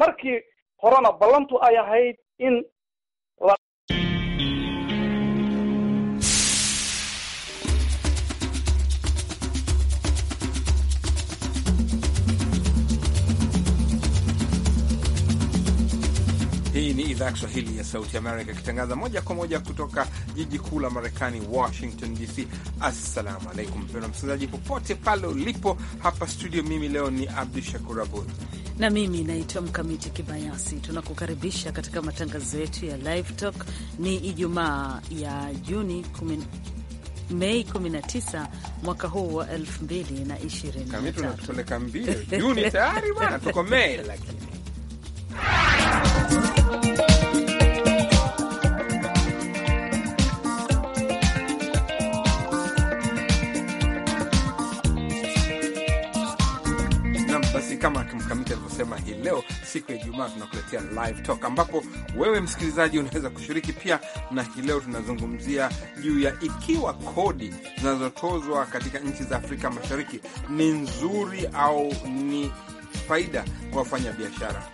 markii horena ballantu ay ahayd in ni idhaa ya Kiswahili ya Sauti Amerika ikitangaza moja kwa moja kutoka jiji kuu la Marekani, Washington DC. Assalamu alaikum mpendwa msikilizaji, popote pale ulipo. Hapa studio, mimi leo ni Abdu Shakur Abud na mimi naitwa Mkamiti Kibayasi. Tunakukaribisha katika matangazo yetu ya Live Talk. Ni Ijumaa ya Juni kumin... Mei 19 mwaka huu wa 2020. Tunakupeleka mbio Juni tayari bana, tuko Mei lakini Siku ya Ijumaa tunakuletea live talk, ambapo wewe msikilizaji unaweza kushiriki pia, na hii leo tunazungumzia juu ya ikiwa kodi zinazotozwa katika nchi za Afrika Mashariki ni nzuri au ni faida kwa wafanya biashara.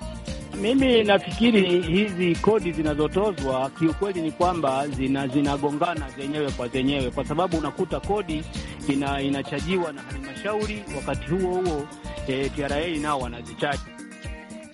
Mimi nafikiri hizi kodi zinazotozwa kiukweli ni kwamba zinagongana zina zenyewe kwa zenyewe, kwa sababu unakuta kodi ina, inachajiwa na halmashauri, wakati huo huo e, eh, TRA nao wanazichaji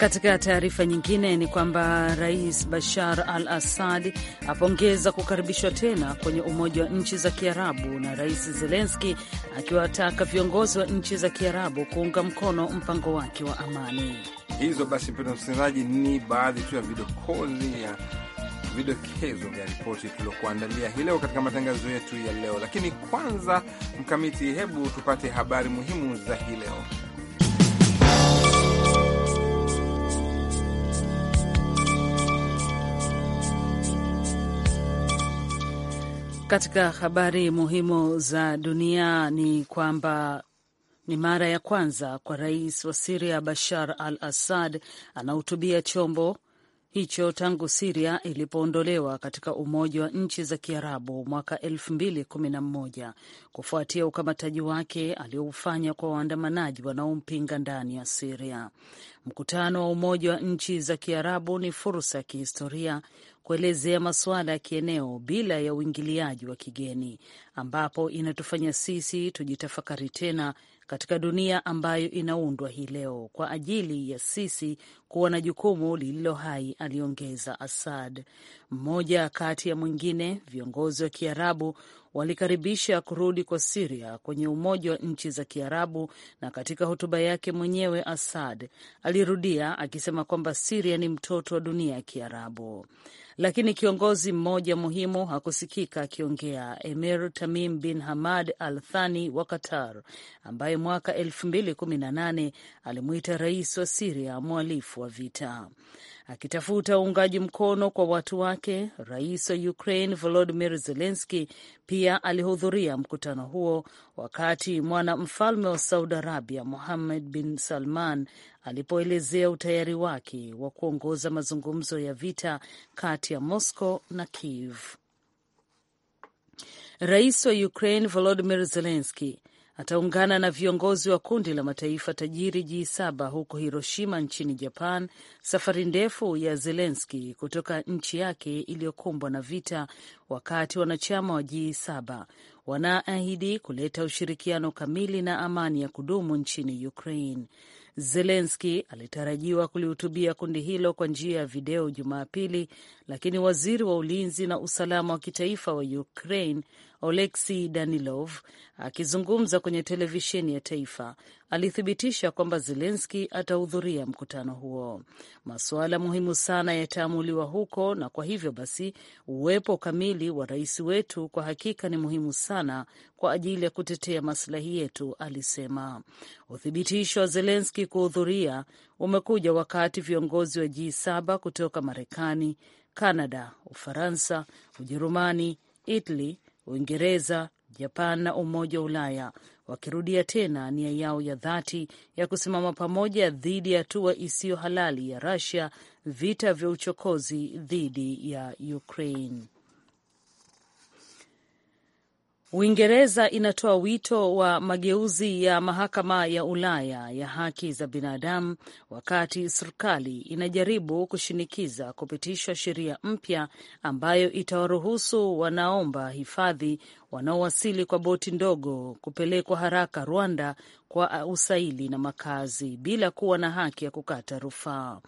katika taarifa nyingine ni kwamba Rais Bashar al Assad apongeza kukaribishwa tena kwenye Umoja wa Nchi za Kiarabu, na Rais Zelenski akiwataka viongozi wa nchi za Kiarabu kuunga mkono mpango wake wa amani. Hizo basi, mpendwa msikilizaji, ni baadhi tu ya vidokozi ya vidokezo vya ripoti tuliokuandalia hii leo katika matangazo yetu ya leo, lakini kwanza, Mkamiti, hebu tupate habari muhimu za hii leo. Katika habari muhimu za dunia ni kwamba ni mara ya kwanza kwa rais wa Siria Bashar al Assad anahutubia chombo hicho tangu Siria ilipoondolewa katika Umoja wa Nchi za Kiarabu mwaka 2011 kufuatia ukamataji wake alioufanya kwa waandamanaji wanaompinga ndani ya Siria. Mkutano wa Umoja wa Nchi za Kiarabu ni fursa ya kihistoria kuelezea masuala ya kieneo bila ya uingiliaji wa kigeni, ambapo inatufanya sisi tujitafakari tena katika dunia ambayo inaundwa hii leo kwa ajili ya sisi kuwa na jukumu lililo hai, aliongeza Assad. Mmoja kati ya mwingine, viongozi wa Kiarabu walikaribisha kurudi kwa Siria kwenye Umoja wa Nchi za Kiarabu, na katika hotuba yake mwenyewe Assad alirudia akisema kwamba Siria ni mtoto wa dunia ya Kiarabu. Lakini kiongozi mmoja muhimu hakusikika akiongea, Emir Tamim bin Hamad Al Thani wa Qatar, ambaye mwaka 2018 alimwita rais wa Siria mwalifu wa vita. Akitafuta uungaji mkono kwa watu wake, rais wa Ukraine volodimir zelenski pia alihudhuria mkutano huo, wakati mwana mfalme wa Saudi Arabia Muhammad bin Salman alipoelezea utayari wake wa kuongoza mazungumzo ya vita kati ya Moscow na Kiev. Rais wa Ukraine volodimir zelenski ataungana na viongozi wa kundi la mataifa tajiri G7 huko Hiroshima nchini Japan, safari ndefu ya Zelenski kutoka nchi yake iliyokumbwa na vita, wakati wanachama wa G7 wanaahidi kuleta ushirikiano kamili na amani ya kudumu nchini Ukraine. Zelenski alitarajiwa kulihutubia kundi hilo kwa njia ya video Jumapili, lakini waziri wa ulinzi na usalama wa kitaifa wa Ukraine Oleksi Danilov akizungumza kwenye televisheni ya taifa alithibitisha kwamba Zelenski atahudhuria mkutano huo. Masuala muhimu sana yataamuliwa huko, na kwa hivyo basi uwepo kamili wa rais wetu kwa hakika ni muhimu sana kwa ajili ya kutetea masilahi yetu, alisema. Uthibitisho wa Zelenski kuhudhuria umekuja wakati viongozi wa G7 kutoka Marekani, Kanada, Ufaransa, Ujerumani, Italy Uingereza, Japan na Umoja wa Ulaya wakirudia tena nia yao ya dhati ya kusimama pamoja dhidi ya hatua isiyo halali ya Russia, vita vya uchokozi dhidi ya Ukraine. Uingereza inatoa wito wa mageuzi ya mahakama ya Ulaya ya haki za binadamu wakati serikali inajaribu kushinikiza kupitishwa sheria mpya ambayo itawaruhusu wanaomba hifadhi wanaowasili kwa boti ndogo kupelekwa haraka Rwanda kwa usaili na makazi bila kuwa na haki ya kukata rufaa.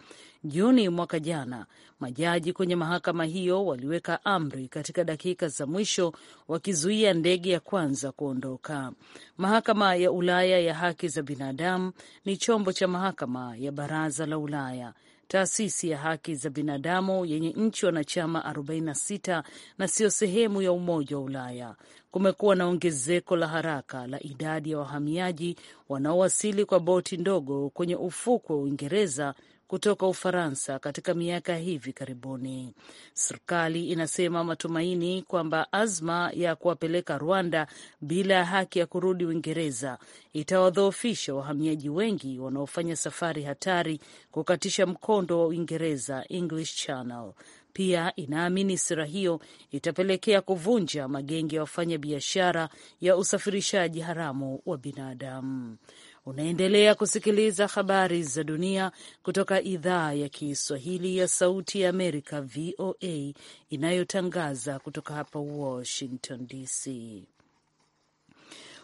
Juni mwaka jana, majaji kwenye mahakama hiyo waliweka amri katika dakika za mwisho, wakizuia ndege ya kwanza kuondoka. Mahakama ya Ulaya ya Haki za Binadamu ni chombo cha mahakama ya Baraza la Ulaya taasisi ya haki za binadamu yenye nchi wanachama 46 na siyo sehemu ya Umoja wa Ulaya. Kumekuwa na ongezeko la haraka la idadi ya wahamiaji wanaowasili kwa boti ndogo kwenye ufukwe wa Uingereza kutoka Ufaransa katika miaka hivi karibuni. Serikali inasema matumaini kwamba azma ya kuwapeleka Rwanda bila ya haki ya kurudi Uingereza itawadhoofisha wahamiaji wengi wanaofanya safari hatari kukatisha mkondo wa Uingereza, English Channel. Pia inaamini sera hiyo itapelekea kuvunja magenge ya wafanya biashara ya usafirishaji haramu wa binadamu. Unaendelea kusikiliza habari za dunia kutoka idhaa ya Kiswahili ya Sauti ya Amerika, VOA, inayotangaza kutoka hapa Washington DC.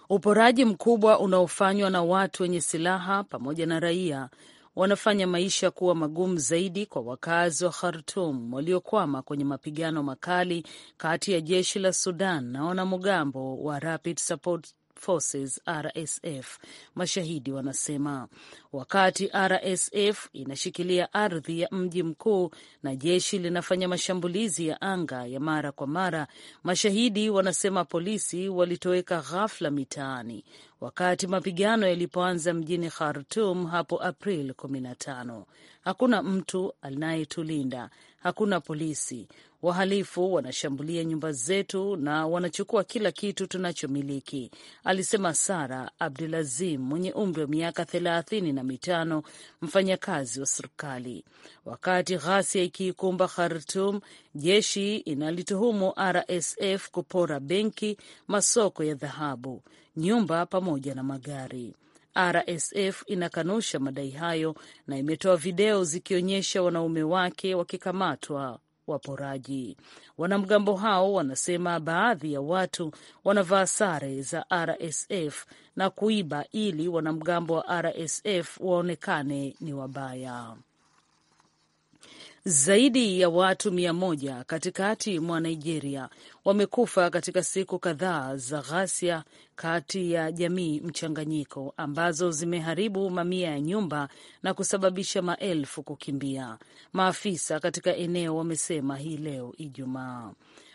Uporaji mkubwa unaofanywa na watu wenye silaha pamoja na raia wanafanya maisha kuwa magumu zaidi kwa wakazi wa Khartum waliokwama kwenye mapigano makali kati ya jeshi la Sudan na wanamgambo wa Rapid Support Forces RSF, mashahidi wanasema. Wakati RSF inashikilia ardhi ya mji mkuu na jeshi linafanya mashambulizi ya anga ya mara kwa mara, mashahidi wanasema polisi walitoweka ghafla mitaani wakati mapigano yalipoanza mjini khartum hapo April 15. Hakuna mtu anayetulinda hakuna polisi. Wahalifu wanashambulia nyumba zetu na wanachukua kila kitu tunachomiliki, alisema Sara Abdulazim mwenye umri wa miaka thelathini na mitano, mfanyakazi wa serikali. Wakati ghasia ikiikumba Khartum, jeshi inalituhumu RSF kupora benki, masoko ya dhahabu, nyumba pamoja na magari. RSF inakanusha madai hayo na imetoa video zikionyesha wanaume wake wakikamatwa waporaji. Wanamgambo hao wanasema baadhi ya watu wanavaa sare za RSF na kuiba ili wanamgambo wa RSF waonekane ni wabaya. Zaidi ya watu mia moja katikati mwa Nigeria wamekufa katika siku kadhaa za ghasia kati ya jamii mchanganyiko ambazo zimeharibu mamia ya nyumba na kusababisha maelfu kukimbia, maafisa katika eneo wamesema hii leo Ijumaa.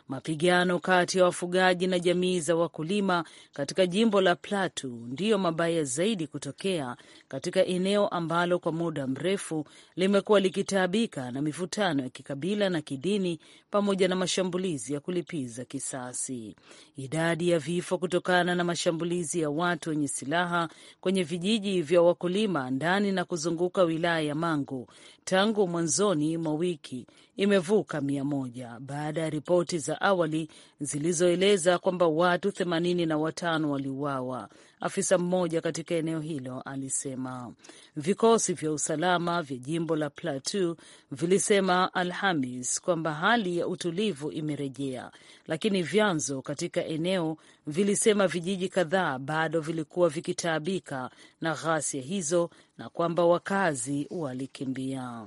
Mapigano kati ya wafugaji na jamii za wakulima katika jimbo la Plateau ndiyo mabaya zaidi kutokea katika eneo ambalo kwa muda mrefu limekuwa likitaabika na mivutano ya kikabila na kidini pamoja na mashambulizi ya kulipiza kisasi. Idadi ya vifo kutokana na mashambulizi ya watu wenye silaha kwenye vijiji vya wakulima ndani na kuzunguka wilaya ya Mangu tangu mwanzoni mwa wiki imevuka mia moja baada ya ripoti za awali zilizoeleza kwamba watu themanini na watano waliuawa afisa mmoja katika eneo hilo alisema. Vikosi vya usalama vya jimbo la Plateau vilisema Alhamis kwamba hali ya utulivu imerejea, lakini vyanzo katika eneo vilisema vijiji kadhaa bado vilikuwa vikitaabika na ghasia hizo na kwamba wakazi walikimbia.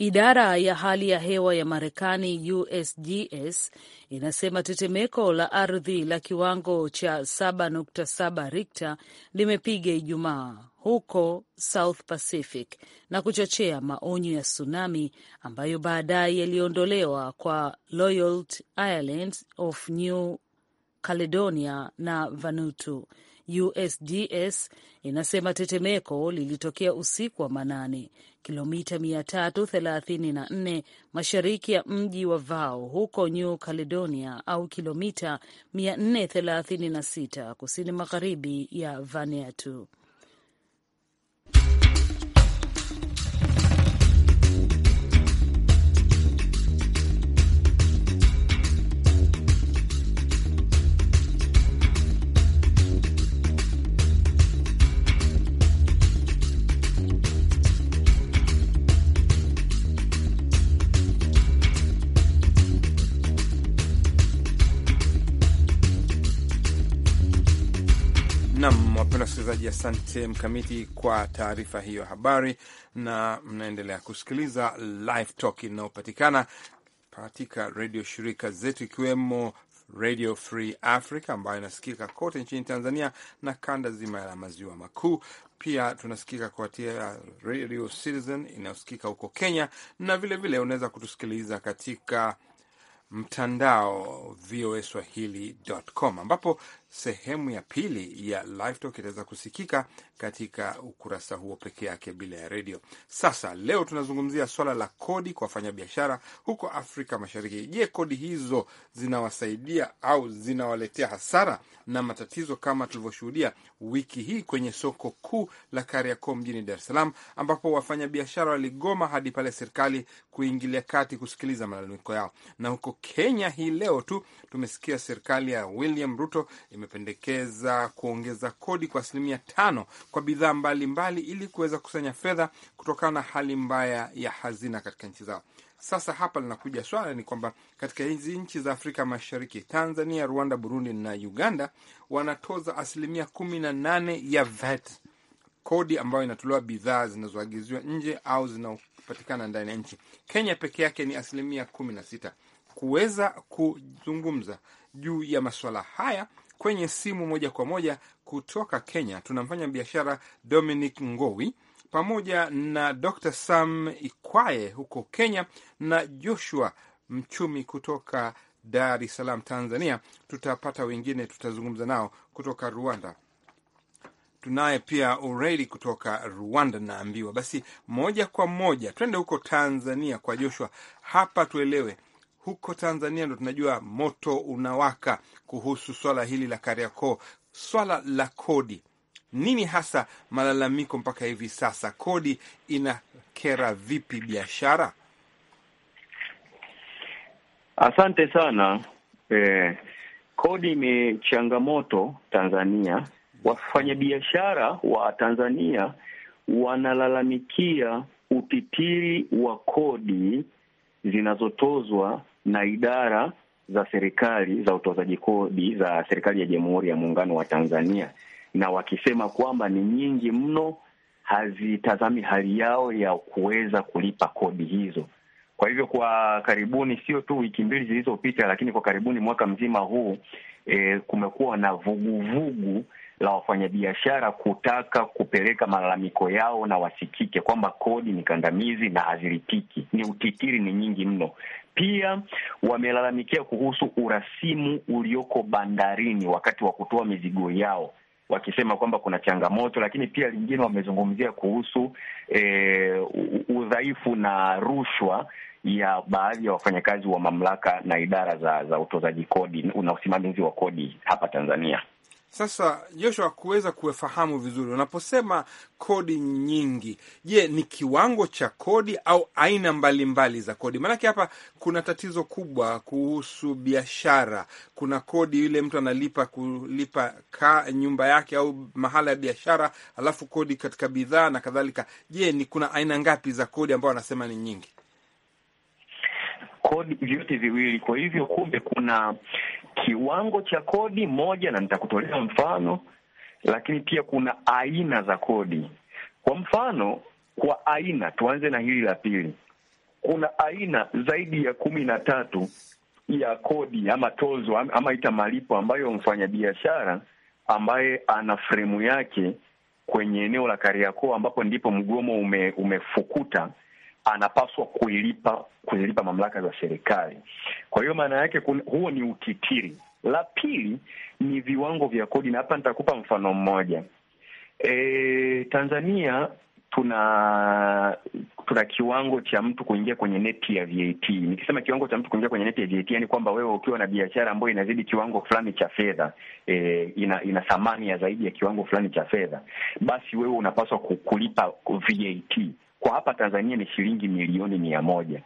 Idara ya hali ya hewa ya Marekani, USGS, inasema tetemeko la ardhi la kiwango cha 7.7 Richter limepiga Ijumaa huko South Pacific na kuchochea maonyo ya tsunami ambayo baadaye yaliondolewa kwa Loyalty ireland of New Caledonia na Vanuatu. USGS inasema tetemeko lilitokea usiku wa manane kilomita 334 mashariki ya mji wa Vao huko New Caledonia, au kilomita 436 kusini magharibi ya Vanuatu. msikilizaji, asante Mkamiti kwa taarifa hiyo habari, na mnaendelea kusikiliza Live Talk inayopatikana katika redio shirika zetu ikiwemo Radio Free Africa ambayo inasikika kote nchini Tanzania na kanda zima la maziwa makuu. Pia tunasikika kuatia Radio Citizen inayosikika huko Kenya, na vilevile unaweza kutusikiliza katika mtandao voa swahili.com ambapo Sehemu ya pili ya Live Talk itaweza kusikika katika ukurasa huo peke yake bila ya redio. Sasa leo tunazungumzia swala la kodi kwa wafanyabiashara huko Afrika Mashariki. Je, kodi hizo zinawasaidia au zinawaletea hasara na matatizo kama tulivyoshuhudia wiki hii kwenye soko kuu la Kariakoo mjini Dar es Salaam, ambapo wafanyabiashara waligoma hadi pale serikali kuingilia kati kusikiliza malalamiko yao. Na huko Kenya hii leo tu tumesikia serikali ya William Ruto imependekeza kuongeza kodi kwa asilimia tano kwa bidhaa mbalimbali ili kuweza kusanya fedha kutokana na hali mbaya ya hazina katika nchi zao. Sasa hapa linakuja swala ni kwamba katika hizi nchi za Afrika Mashariki, Tanzania, Rwanda, Burundi na Uganda wanatoza asilimia kumi na nane ya VAT kodi ambayo inatolewa bidhaa zinazoagiziwa nje au zinaopatikana ndani ya nchi. Kenya peke yake ni asilimia kumi na sita. Kuweza kuzungumza juu ya masuala haya kwenye simu moja kwa moja kutoka Kenya. Tunamfanya biashara Dominic Ngowi pamoja na Dr Sam Ikwaye huko Kenya na Joshua mchumi kutoka Dar es Salaam, Tanzania. Tutapata wengine, tutazungumza nao kutoka Rwanda. Tunaye pia Ureli kutoka Rwanda naambiwa. Basi moja kwa moja twende huko Tanzania kwa Joshua. Hapa tuelewe huko Tanzania ndo tunajua moto unawaka kuhusu swala hili la Kariakoo, swala la kodi. Nini hasa malalamiko mpaka hivi sasa? Kodi inakera vipi biashara? Asante sana eh, kodi ni changamoto Tanzania. Wafanyabiashara wa Tanzania wanalalamikia utitiri wa kodi zinazotozwa na idara za serikali za utozaji kodi za serikali ya Jamhuri ya Muungano wa Tanzania, na wakisema kwamba ni nyingi mno, hazitazami hali yao ya kuweza kulipa kodi hizo. Kwa hivyo kwa karibuni, sio tu wiki mbili zilizopita, lakini kwa karibuni mwaka mzima huu e, kumekuwa na vuguvugu la wafanyabiashara kutaka kupeleka malalamiko yao na wasikike kwamba kodi ni kandamizi na hazilipiki, ni utitiri, ni nyingi mno. Pia wamelalamikia kuhusu urasimu ulioko bandarini wakati wa kutoa mizigo yao wakisema kwamba kuna changamoto, lakini pia lingine wamezungumzia kuhusu e, udhaifu na rushwa ya baadhi ya wafanyakazi wa mamlaka na idara za, za utozaji kodi na usimamizi wa kodi hapa Tanzania. Sasa Joshua, kuweza kufahamu vizuri, unaposema kodi nyingi, je, ni kiwango cha kodi au aina mbalimbali mbali za kodi? Maanake hapa kuna tatizo kubwa kuhusu biashara. Kuna kodi yule mtu analipa kulipa ka nyumba yake au mahala ya biashara, alafu kodi katika bidhaa na kadhalika. Je, ni kuna aina ngapi za kodi ambao wanasema ni nyingi? Kodi vyote viwili. Kwa hivyo kumbe kuna kiwango cha kodi moja, na nitakutolea mfano, lakini pia kuna aina za kodi. Kwa mfano, kwa aina, tuanze na hili la pili, kuna aina zaidi ya kumi na tatu ya kodi ama tozo ama ita malipo ambayo mfanyabiashara ambaye ana fremu yake kwenye eneo la Kariakoo ambapo ndipo mgomo ume, umefukuta anapaswa kuilipa kuzilipa mamlaka za serikali. Kwa hiyo maana yake huo ni ukitiri. La pili ni viwango vya kodi, na hapa nitakupa mfano mmoja. E, Tanzania tuna tuna kiwango cha mtu kuingia kwenye neti ya VAT. Nikisema kiwango cha mtu kuingia kwenye neti ya VAT, yani kwamba wewe ukiwa na biashara ambayo inazidi kiwango fulani cha fedha e, ina ina thamani ya zaidi ya kiwango fulani cha fedha, basi wewe unapaswa kulipa VAT kwa hapa Tanzania ni shilingi milioni mia moja.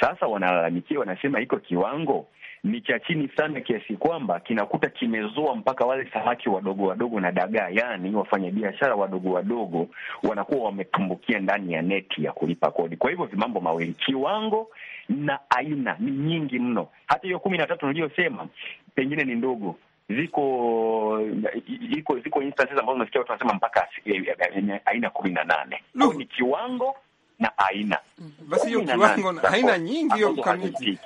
Sasa wanalalamikia, wanasema iko kiwango ni cha chini sana kiasi kwamba kinakuta kimezoa mpaka wale samaki wadogo wadogo na dagaa, yaani wafanyabiashara wadogo wadogo wanakuwa wametumbukia ndani ya neti ya kulipa kodi. Kwa hivyo vimambo mawili, kiwango na aina ni nyingi mno. Hata hiyo kumi na tatu niliyosema pengine ni ndogo, ziko iko ziko instances ambazo nasikia watu wanasema mpaka aina kumi na nane au ni kiwango na aina basi, hiyo kiwango na aina nyingi, hiyo kamiti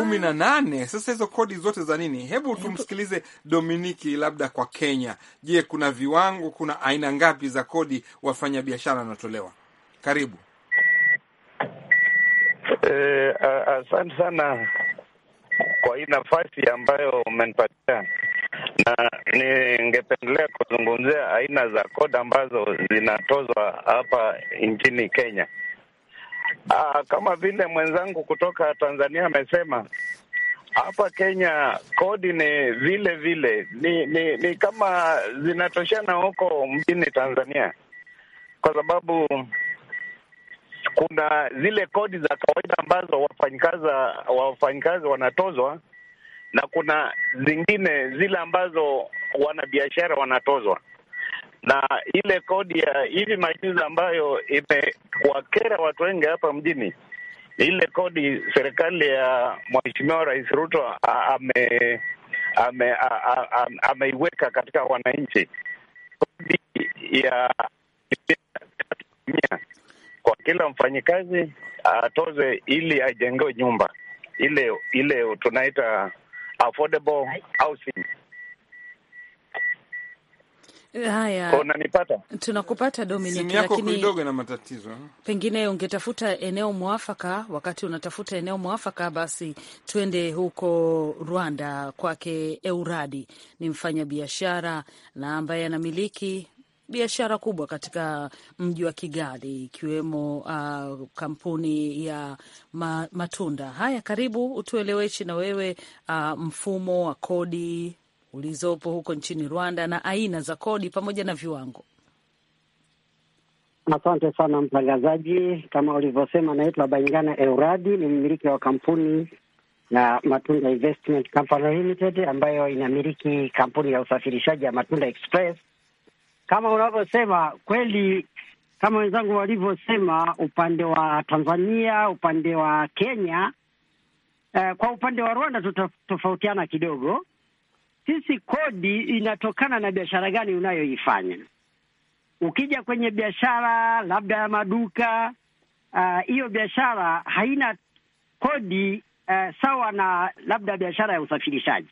kumi na nane. Sasa hizo kodi zote za nini? Hebu tumsikilize Dominiki, labda kwa Kenya. Je, kuna viwango, kuna aina ngapi za kodi wafanyabiashara wanatolewa? Karibu. Eh, asante sana kwa hii nafasi ambayo umenipatia, na ningependelea kuzungumzia aina za kodi ambazo zinatozwa hapa nchini Kenya. Aa, ah, kama vile mwenzangu kutoka Tanzania amesema hapa Kenya kodi ni vile vile ni, ni, ni kama zinatoshana huko mjini Tanzania, kwa sababu kuna zile kodi za kawaida ambazo wafanyikazi wafanyikazi wanatozwa na kuna zingine zile ambazo wanabiashara wanatozwa, na ile kodi ya hivi majuzi ambayo imewakera watu wengi hapa mjini, ile kodi serikali ya Mheshimiwa Rais Ruto ame ameiweka ame, ame katika wananchi kodi ya kwa kila mfanyikazi atoze ili ajengewe nyumba ile ile tunaita affordable housing. Haya, unanipata? Tunakupata Dominic, lakini kidogo na matatizo. Pengine ungetafuta eneo mwafaka. Wakati unatafuta eneo mwafaka, basi twende huko Rwanda kwake Euradi. Ni mfanyabiashara na ambaye anamiliki biashara kubwa katika mji wa Kigali, ikiwemo uh, kampuni ya ma, matunda haya. Karibu utueleweshi na wewe uh, mfumo wa kodi ulizopo huko nchini Rwanda na aina za kodi pamoja na viwango. Asante sana mtangazaji. Kama ulivyosema, naitwa Baingana Euradi, ni mmiliki wa kampuni na Matunda Investment Company Limited ambayo inamiliki kampuni ya usafirishaji ya Matunda Express kama unavyosema kweli, kama wenzangu walivyosema, upande wa Tanzania, upande wa Kenya, eh, kwa upande wa Rwanda tutatofautiana kidogo. Sisi kodi inatokana na biashara gani unayoifanya. Ukija kwenye biashara labda ya maduka eh, hiyo, uh, biashara haina kodi uh, sawa na labda biashara ya usafirishaji.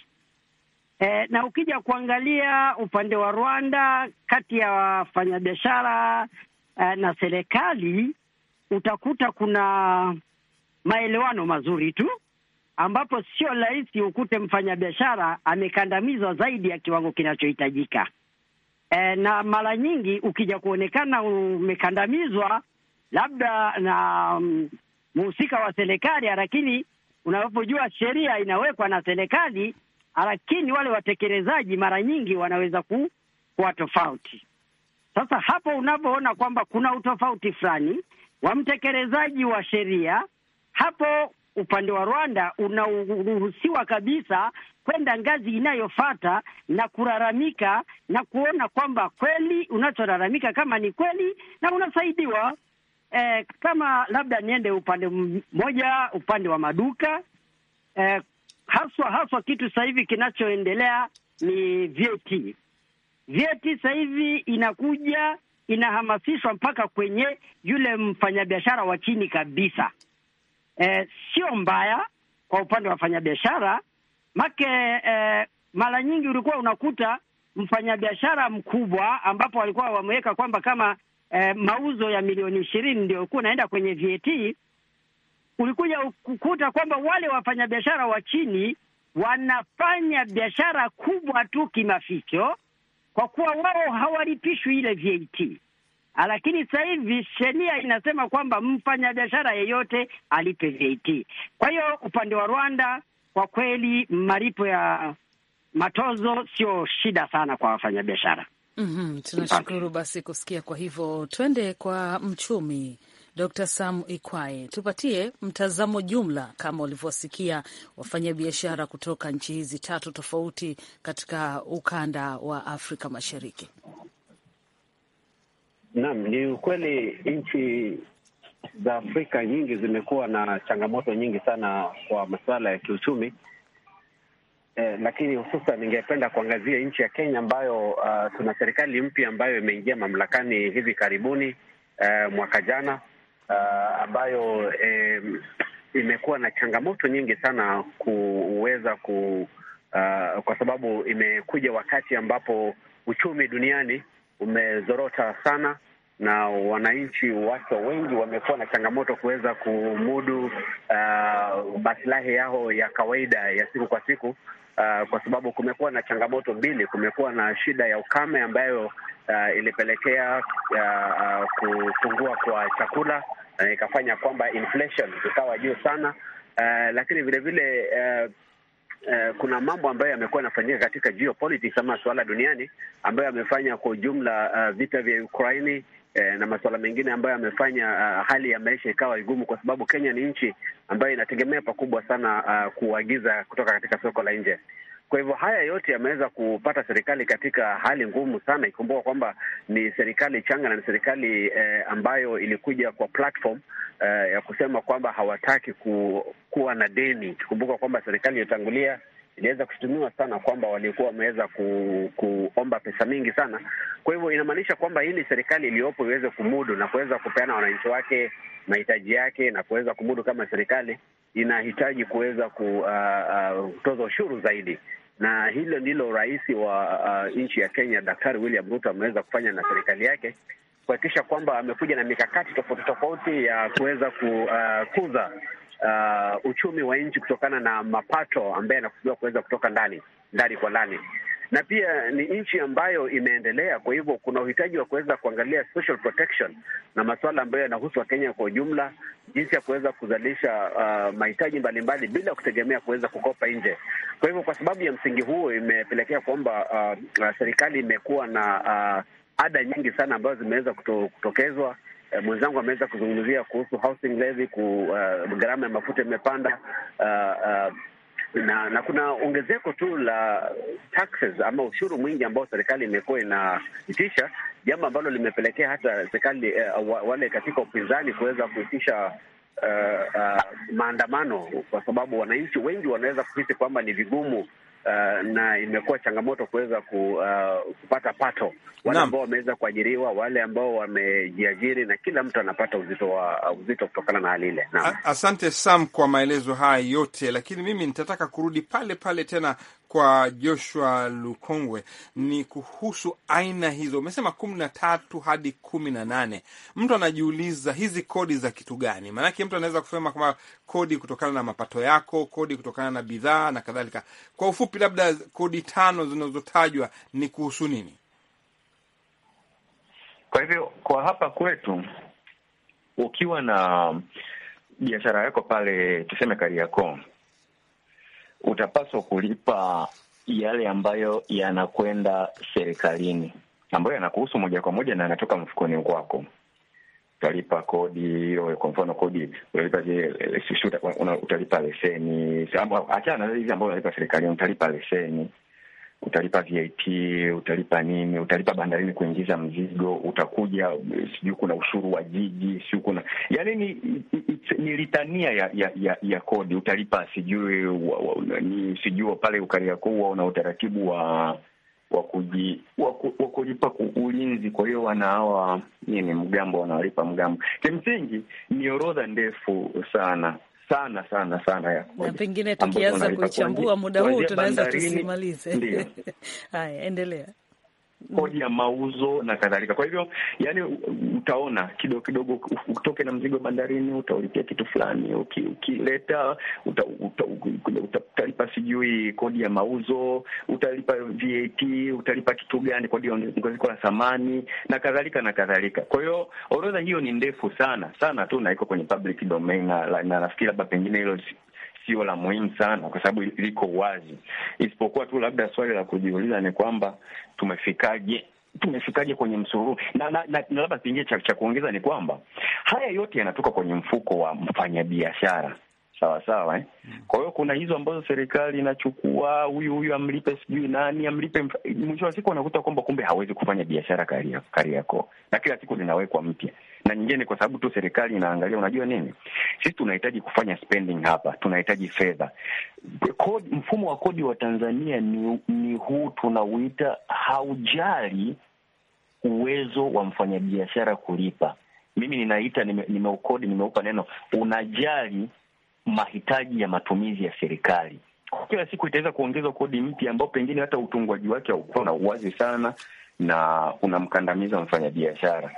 E, na ukija kuangalia upande wa Rwanda kati ya wafanyabiashara e, na serikali utakuta kuna maelewano mazuri tu, ambapo sio rahisi ukute mfanyabiashara amekandamizwa zaidi ya kiwango kinachohitajika. E, na mara nyingi ukija kuonekana umekandamizwa labda na mm, mhusika um, wa serikali, lakini unapojua sheria inawekwa na serikali lakini wale watekelezaji mara nyingi wanaweza ku, kuwa tofauti. Sasa hapo unapoona kwamba kuna utofauti fulani wa mtekelezaji wa sheria, hapo upande wa Rwanda unaruhusiwa kabisa kwenda ngazi inayofata na kulalamika na kuona kwamba kweli unacholalamika kama ni kweli na unasaidiwa. E, kama labda niende upande mmoja, upande wa maduka e, haswa haswa kitu sasa hivi kinachoendelea ni vyeti. Vyeti sasa hivi inakuja inahamasishwa mpaka kwenye yule mfanyabiashara wa chini kabisa. Eh, sio mbaya kwa upande wa wafanyabiashara make Eh, mara nyingi ulikuwa unakuta mfanyabiashara mkubwa ambapo walikuwa wameweka kwamba kama eh, mauzo ya milioni ishirini ndio ulikuwa unaenda kwenye VAT ulikuja kukuta kwamba wale wafanyabiashara wa chini wanafanya biashara kubwa tu kimaficho, kwa kuwa wao hawalipishwi ile VAT. Ah, lakini sasa hivi sheria inasema kwamba mfanyabiashara yeyote alipe VAT. Kwa hiyo upande wa Rwanda kwa kweli malipo ya matozo sio shida sana kwa wafanyabiashara. Mm -hmm, tunashukuru basi kusikia. Kwa hivyo twende kwa mchumi Dr. Sam ikwai tupatie mtazamo jumla, kama ulivyosikia wafanyabiashara kutoka nchi hizi tatu tofauti katika ukanda wa Afrika Mashariki. Naam, ni ukweli nchi za Afrika nyingi zimekuwa na changamoto nyingi sana kwa masuala ya kiuchumi. Eh, lakini hususan ningependa kuangazia nchi ya Kenya ambayo uh, tuna serikali mpya ambayo imeingia mamlakani hivi karibuni uh, mwaka jana uh, ambayo eh, imekuwa na changamoto nyingi sana kuweza ku uh, kwa sababu imekuja wakati ambapo uchumi duniani umezorota sana na wananchi wake wengi wamekuwa na changamoto kuweza kumudu uh, masilahi yao ya kawaida ya siku kwa siku uh, kwa sababu kumekuwa na changamoto mbili. Kumekuwa na shida ya ukame ambayo uh, ilipelekea uh, uh, kupungua kwa chakula uh, ikafanya kwamba inflation ikawa juu sana uh, lakini vilevile uh, eh, uh, eh, kuna mambo ambayo yamekuwa yanafanyika katika geopolitics ama suala duniani ambayo yamefanya kwa ujumla uh, vita vya Ukraini na masuala mengine ambayo yamefanya uh, hali ya maisha ikawa igumu, kwa sababu Kenya ni nchi ambayo inategemea pakubwa sana uh, kuagiza kutoka katika soko la nje. Kwa hivyo haya yote yameweza kupata serikali katika hali ngumu sana, ikumbuka kwamba ni serikali changa na ni serikali eh, ambayo ilikuja kwa platform eh, ya kusema kwamba hawataki ku, kuwa na deni. Ikikumbuka kwamba serikali iliyotangulia iliweza kushutumiwa sana kwamba walikuwa wameweza ku, kuomba pesa mingi sana. Kwa hivyo inamaanisha kwamba ili serikali iliyopo iweze kumudu na kuweza kupeana wananchi wake mahitaji yake na kuweza kumudu kama serikali, inahitaji kuweza kutoza uh, uh, ushuru zaidi, na hilo ndilo rais wa uh, nchi ya Kenya Daktari William Ruto ameweza kufanya na serikali yake kuhakikisha kwamba amekuja na mikakati tofauti tofauti ya kuweza kukuza uh, uh, uchumi wa nchi kutokana na mapato ambayo yanakusudiwa kuweza kutoka ndani ndani kwa ndani, na pia ni nchi ambayo imeendelea. Kwa hivyo kuna uhitaji wa kuweza kuangalia social protection na masuala ambayo yanahusu Wakenya kwa ujumla, jinsi ya kuweza kuzalisha uh, mahitaji mbalimbali bila kutegemea kuweza kukopa nje. Kwa hivyo kwa sababu ya msingi huo imepelekea kwamba uh, uh serikali imekuwa na uh, ada nyingi sana ambazo zimeweza kuto, kutokezwa eh, mwenzangu ameweza kuzungumzia kuhusu housing levy ku, uh, gharama ya mafuta imepanda uh, uh, na na kuna ongezeko tu la taxes ama ushuru mwingi ambao serikali imekuwa inaitisha, jambo ambalo limepelekea hata serikali uh, wale katika upinzani kuweza kuitisha uh, uh, maandamano, kwa sababu wananchi wengi wanaweza kuhisi kwamba ni vigumu uh, na imekuwa changamoto kuweza ku, uh, kupata pato wale ambao wameweza kuajiriwa, wale ambao wamejiajiri, na kila mtu anapata uzito wa uh, uzito kutokana na hali ile. Asante Sam kwa maelezo haya yote, lakini mimi nitataka kurudi pale pale tena kwa Joshua Lukongwe ni kuhusu aina hizo, umesema kumi na tatu hadi kumi na nane. Mtu anajiuliza hizi kodi za kitu gani? Maanake mtu anaweza kusema kwamba kodi kutokana na mapato yako, kodi kutokana na bidhaa na kadhalika. Kwa ufupi, labda kodi tano zinazotajwa ni kuhusu nini? Kwa hivyo kwa hapa kwetu ukiwa na biashara yako pale tuseme Kariakoo utapaswa kulipa yale ambayo yanakwenda serikalini, ambayo yanakuhusu moja kwa moja na yanatoka mfukoni kwako. Utalipa kodi, kwa mfano kodi utalipa, utalipa leseni, achana hizi ambayo unalipa serikalini, utalipa leseni utalipa VAT, utalipa nini, utalipa bandarini kuingiza mzigo, utakuja sijui kuna ushuru wa jiji, sijui kuna yani ni, ni litania ya, ya, ya, ya kodi, utalipa sijui ni sijui pale Ukariakoo waona utaratibu wa wa kuji wa kulipa ulinzi. Kwa hiyo wana hawa nini mgambo, wanawalipa mgambo. Kimsingi ni orodha ndefu sana sana sana sana ya na pengine tukianza kuichambua muda huu tunaweza tusimalize. Haya, endelea kodi ya mauzo na kadhalika. Kwa hivyo, yani, utaona kidogo kidogo, utoke na mzigo bandarini, utaulipia kitu fulani, ukileta uta, uta, uta, utalipa sijui kodi ya mauzo, utalipa VAT, utalipa kitu gani, kodi ya ongezeko la thamani na kadhalika na kadhalika. Kwa hiyo orodha hiyo ni ndefu sana sana tu na iko kwenye public domain, na nafikiri labda pengine hilo sio la muhimu sana, kwa sababu liko wazi, isipokuwa tu labda swali la kujiuliza ni kwamba tumefikaje tumefikaje kwenye msururu na, na, na, na labda pingine cha, cha kuongeza ni kwamba haya yote yanatoka kwenye mfuko wa mfanyabiashara sawa sawa eh? Hmm. Kwa hiyo kuna hizo ambazo serikali inachukua, huyu huyu amlipe sijui nani amlipe, mwisho wa siku anakuta kwamba kumbe hawezi kufanya biashara Kariakoo, na kila siku linawekwa mpya na nyingine kwa sababu tu serikali inaangalia, unajua nini, sisi tunahitaji kufanya spending hapa, tunahitaji fedha. Mfumo wa kodi wa Tanzania ni, ni huu tunauita, haujali uwezo wa mfanyabiashara kulipa. Mimi ninaita nimeukodi, nime nimeupa neno unajali mahitaji ya matumizi ya serikali. Kila siku itaweza kuongezwa kodi mpya ambao pengine hata utungwaji wake haukuwa na uwazi sana na unamkandamiza mfanyabiashara.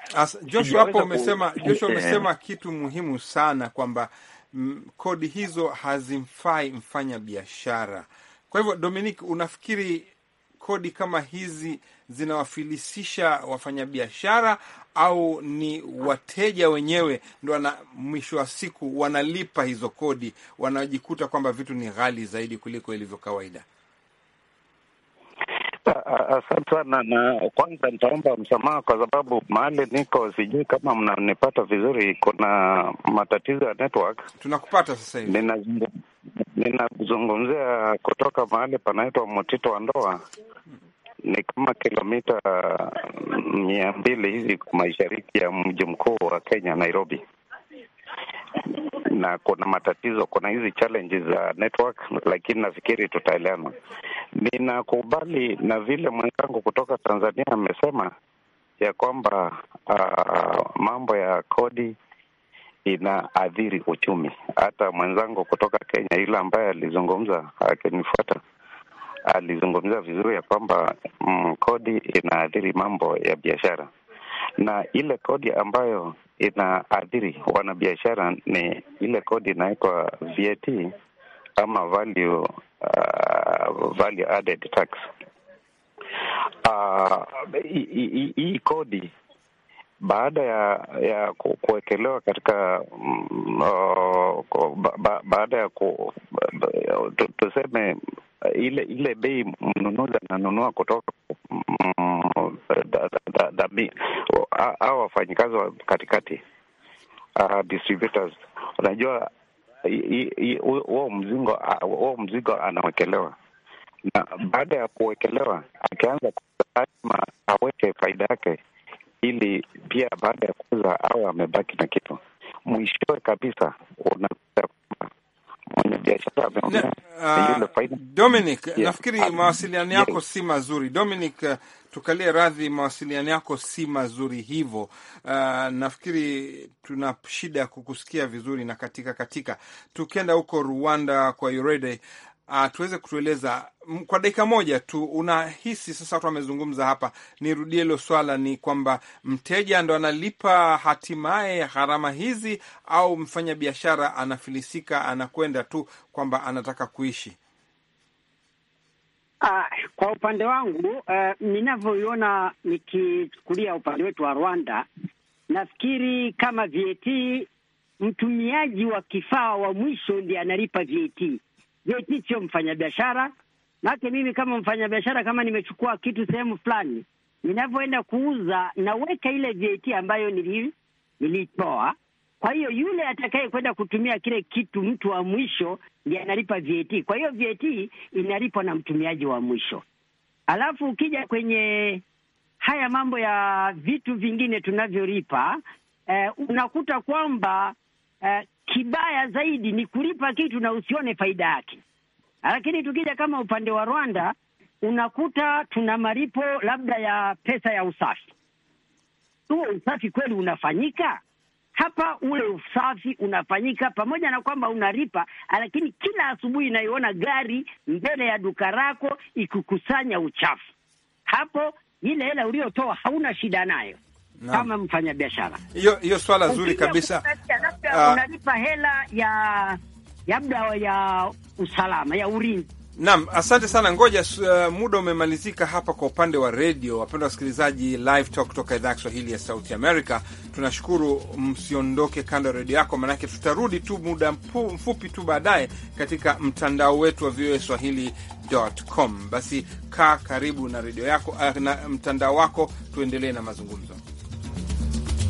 Joshua, hapo umesema Joshua eh, umesema kitu muhimu sana kwamba mm, kodi hizo hazimfai mfanya biashara. Kwa hivyo, Dominic, unafikiri kodi kama hizi zinawafilisisha wafanyabiashara au ni wateja wenyewe ndo wana mwisho wa siku wanalipa hizo kodi, wanajikuta kwamba vitu ni ghali zaidi kuliko ilivyo kawaida? Asante sana, na kwanza nitaomba msamaha kwa sababu mahali niko sijui kama mnanipata vizuri, kuna matatizo ya network. Tunakupata sasa hivi. Ninazungumzia kutoka mahali panaitwa mutito wa Ndoa, ni kama kilomita mia mbili hivi mashariki ya mji mkuu wa Kenya, Nairobi na kuna matatizo, kuna hizi challenges za network, lakini nafikiri tutaelewana. Ninakubali na vile mwenzangu kutoka Tanzania amesema ya kwamba uh, mambo ya kodi inaathiri uchumi. Hata mwenzangu kutoka Kenya yule ambaye alizungumza akinifuata alizungumza vizuri ya kwamba mm, kodi inaathiri mambo ya biashara, na ile kodi ambayo inaathiri wanabiashara ni ile kodi inawekwa VAT ama value uh, value added tax. Hii ah, uh, kodi baada ya ya kuwekelewa katika uh, ba, baada ya ku, ba, tuseme ile ile bei mnunuzi ananunua kutoka mm, au wafanyikazi wa katikati uh, distributors, unajua huo mzigo huo mzigo anawekelewa na baada ya kuwekelewa akianza lazima aweke faida yake, ili pia baada ya kuuza awe amebaki na kitu. Mwishowe kabisa unakuta mwenye biashara ah, Dominic, yes. Nafikiri mawasiliano yako yes, si mazuri Dominic, ah, tukalie radhi, mawasiliano yako si mazuri hivyo. Uh, nafikiri tuna shida ya kukusikia vizuri na katika katika. Tukienda huko Rwanda kwa Urede, uh, tuweze kutueleza kwa dakika moja tu, unahisi sasa watu wamezungumza hapa, nirudie hilo swala, ni kwamba mteja ndo analipa hatimaye gharama hizi au mfanya biashara anafilisika, anakwenda tu kwamba anataka kuishi? Uh, kwa upande wangu uh, ninavyoiona nikichukulia upande wetu wa Rwanda, nafikiri kama VAT mtumiaji wa kifaa wa mwisho ndiye analipa VAT Jotich sio mfanyabiashara, nake mimi kama mfanyabiashara, kama nimechukua kitu sehemu fulani, ninavyoenda kuuza naweka ile VAT ambayo nilitoa. Kwa hiyo yule atakaye kwenda kutumia kile kitu, mtu wa mwisho ndiye analipa VAT. Kwa hiyo VAT inalipwa na mtumiaji wa mwisho. Alafu ukija kwenye haya mambo ya vitu vingine tunavyolipa, eh, unakuta kwamba eh, kibaya zaidi ni kulipa kitu na usione faida yake. Lakini tukija kama upande wa Rwanda, unakuta tuna malipo labda ya pesa ya usafi. Huo usafi kweli unafanyika hapa? Ule usafi unafanyika pamoja na kwamba unalipa, lakini kila asubuhi inayoona gari mbele ya duka lako ikikusanya uchafu hapo, ile hela uliotoa hauna shida nayo kama mfanya biashara. Hiyo hiyo swala zuri kabisa. Ah. Unalipa hela ya labda ya usalama ya ulinzi. Naam, asante sana. Ngoja uh, muda umemalizika hapa kwa upande wa redio. Wapendwa wasikilizaji, Live Talk kutoka idhaa ya Kiswahili ya Sauti Amerika, tunashukuru. Msiondoke kando ya redio yako, maanake tutarudi tu muda mfupi tu baadaye katika mtandao wetu wa VOA Swahili.com. Basi kaa karibu na redio yako uh, na mtandao wako, tuendelee na mazungumzo.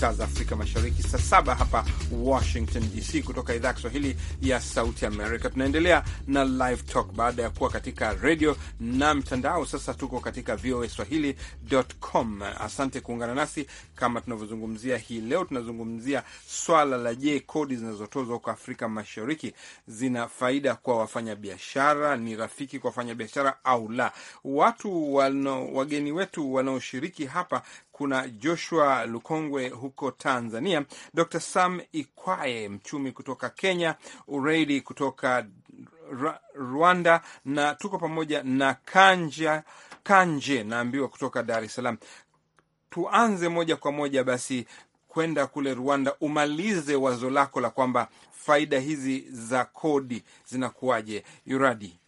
saa za Afrika Mashariki, saa saba hapa Washington DC, kutoka idhaa ya Kiswahili ya Sauti Amerika. Tunaendelea na Live Talk baada ya kuwa katika redio na mtandao. Sasa tuko katika VOA Swahili.com. Asante kuungana nasi. Kama tunavyozungumzia hii leo, tunazungumzia swala la je, kodi zinazotozwa huko Afrika Mashariki zina faida kwa wafanyabiashara? Ni rafiki kwa wafanyabiashara au la? Watu wano, wageni wetu wanaoshiriki hapa kuna Joshua Lukongwe huko Tanzania, Dr Sam Ikwaye mchumi kutoka Kenya, Ureidi kutoka Rwanda na tuko pamoja na Kanja Kanje naambiwa kutoka Dar es Salaam. Tuanze moja kwa moja basi kwenda kule Rwanda, umalize wazo lako la kwamba faida hizi za kodi zinakuwaje, uradi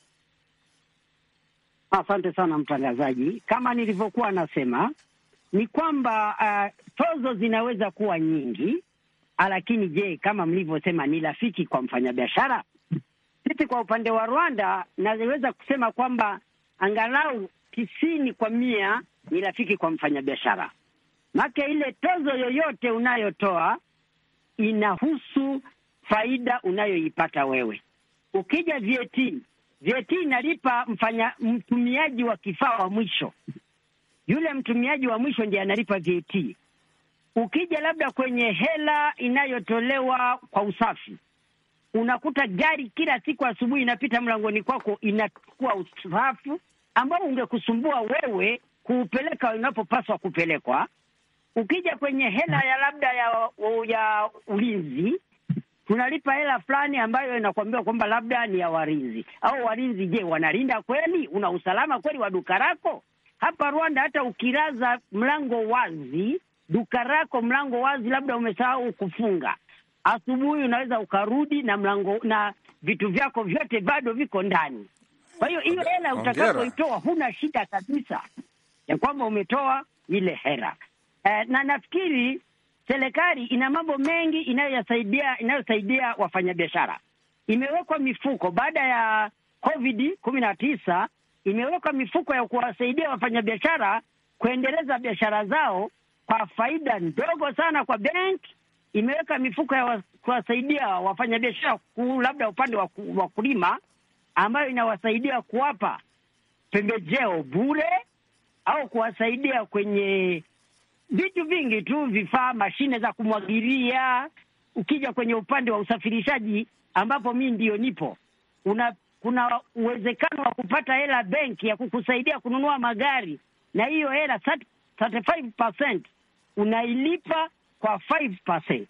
Asante sana mtangazaji, kama nilivyokuwa nasema ni kwamba uh, tozo zinaweza kuwa nyingi, ah, lakini je, kama mlivyosema, ni rafiki kwa mfanyabiashara? Sisi kwa upande wa Rwanda naweza kusema kwamba angalau tisini kwa mia ni rafiki kwa mfanyabiashara, make ile tozo yoyote unayotoa inahusu faida unayoipata wewe. Ukija VAT, VAT inalipa mfanya mtumiaji wa kifaa wa mwisho yule mtumiaji wa mwisho ndiye analipa VAT. Ukija labda kwenye hela inayotolewa kwa usafi, unakuta gari kila siku asubuhi inapita mlangoni kwako, inachukua usafi ambao ungekusumbua wewe kuupeleka unapopaswa kupelekwa. Ukija kwenye hela ya labda ya, ya ulinzi tunalipa hela fulani ambayo inakuambia kwamba labda ni ya walinzi au walinzi. Je, wanalinda kweli? Una usalama kweli wa duka lako? Hapa Rwanda hata ukiraza mlango wazi, duka lako mlango wazi, labda umesahau kufunga, asubuhi unaweza ukarudi na mlango na vitu vyako vyote bado viko ndani. Kwa hiyo hiyo hela utakapoitoa huna shida kabisa ya kwamba umetoa ile hela eh, na nafikiri serikali ina mambo mengi inayosaidia inayosaidia wafanyabiashara. Imewekwa mifuko baada ya COVID kumi na tisa imewekwa mifuko ya kuwasaidia wafanyabiashara kuendeleza biashara zao kwa faida ndogo sana kwa benki. Imeweka mifuko ya kuwasaidia wafanyabiashara labda upande wa wakulima, ambayo inawasaidia kuwapa pembejeo bure au kuwasaidia kwenye vitu vingi tu, vifaa, mashine za kumwagilia. Ukija kwenye upande wa usafirishaji, ambapo mi ndiyo nipo, una kuna uwezekano wa kupata hela benki ya kukusaidia kununua magari, na hiyo hela 35% unailipa kwa 5%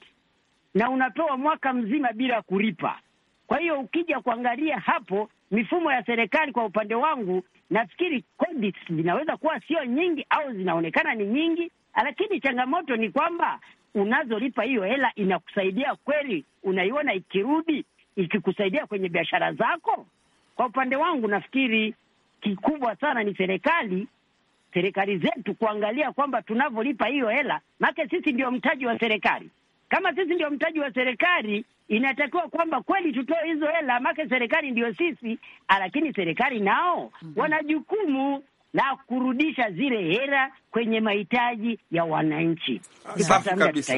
na unatoa mwaka mzima bila kulipa. Kwa hiyo ukija kuangalia hapo, mifumo ya serikali kwa upande wangu, nafikiri kodi zinaweza kuwa sio nyingi au zinaonekana ni nyingi, lakini changamoto ni kwamba unazolipa hiyo hela inakusaidia kweli? Unaiona ikirudi ikikusaidia kwenye biashara zako? Kwa upande wangu, nafikiri kikubwa sana ni serikali serikali zetu kuangalia kwamba tunavyolipa hiyo hela, maana sisi ndio mtaji wa serikali. Kama sisi ndio mtaji wa serikali, inatakiwa kwamba kweli tutoe hizo hela, maana serikali ndio sisi, lakini serikali nao mhm. wana jukumu na kurudisha zile hera kwenye mahitaji ya wananchi. Safi kabisa,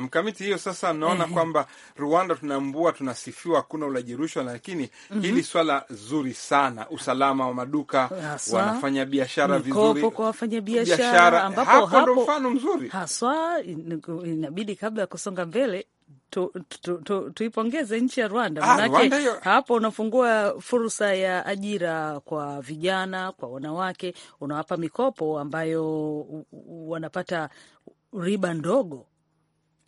mkamiti hiyo. Sasa naona mhm. kwamba Rwanda tunambua, tunasifiwa, hakuna ulaji rushwa, lakini mm hili swala zuri sana, usalama wa maduka, wanafanya biashara vizuri kwa wafanyabiashara, ambapo hapo ndo mfano mzuri haswa. Inabidi kabla ya kusonga mbele tuipongeze nchi ya Rwanda, ah, manake hapo unafungua fursa ya ajira kwa vijana, kwa wanawake, unawapa mikopo ambayo wanapata riba ndogo.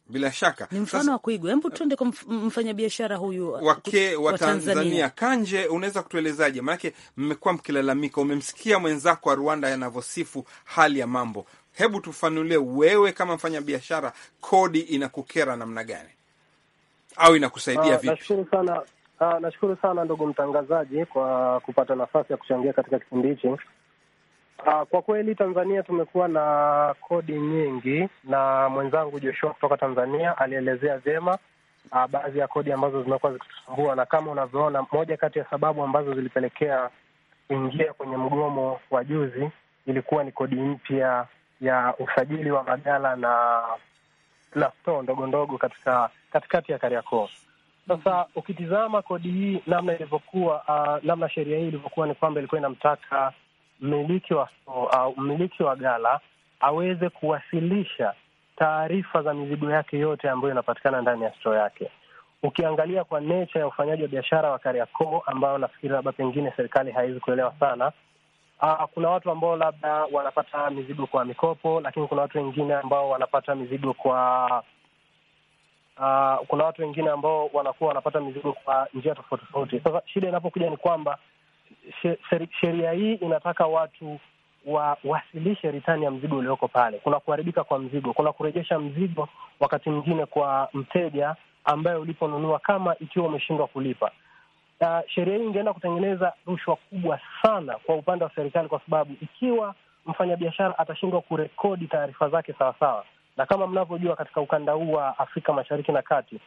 Bila shaka ni mfano wa kuigwa. Hebu eh, tuende kwa mfanyabiashara huyu wake uh, wa Tanzania Kanje, unaweza kutuelezaje? Maanake mmekuwa mkilalamika, umemsikia mwenzako wa Rwanda yanavyosifu hali ya mambo. Hebu tufanulie wewe, kama mfanyabiashara, kodi inakukera namna gani? au inakusaidia ah, vipi? Nashukuru sana. Aa, ah, nashukuru sana ndugu mtangazaji kwa kupata nafasi ya kuchangia katika kipindi hichi. Ah, kwa kweli Tanzania tumekuwa na kodi nyingi, na mwenzangu Joshua kutoka Tanzania alielezea vyema baadhi ya kodi ambazo zimekuwa zikitusumbua, na kama unavyoona, moja kati ya sababu ambazo zilipelekea kuingia kwenye mgomo wa juzi ilikuwa ni kodi mpya ya usajili wa magala na la stoo ndogo ndogo katika katikati ya Kariakoo. Sasa ukitizama kodi hii namna ilivyokuwa, uh, namna sheria hii ilivyokuwa ni kwamba ilikuwa inamtaka mmiliki wa stoo uh, mmiliki wa gala aweze kuwasilisha taarifa za mizigo yake yote ambayo inapatikana ndani ya stoo yake. Ukiangalia kwa nature ya ufanyaji wa biashara wa Kariakoo, ambayo nafikiri labda pengine serikali haiwezi kuelewa sana, Uh, kuna watu ambao labda wanapata mizigo kwa mikopo, lakini kuna watu wengine ambao wanapata mizigo kwa uh, kuna watu wengine ambao wanakuwa wanapata mizigo kwa njia tofauti tofauti. Sasa shida inapokuja ni kwamba sheria hii inataka watu wawasilishe ritani ya mzigo ulioko pale. Kuna kuharibika kwa mzigo, kuna kurejesha mzigo wakati mwingine kwa mteja ambaye uliponunua, kama ikiwa umeshindwa kulipa uh, sheria hii ingeenda kutengeneza rushwa kubwa sana kwa upande wa serikali, kwa sababu ikiwa mfanyabiashara atashindwa kurekodi taarifa zake sawasawa, na kama mnavyojua katika ukanda huu wa Afrika Mashariki na Kati,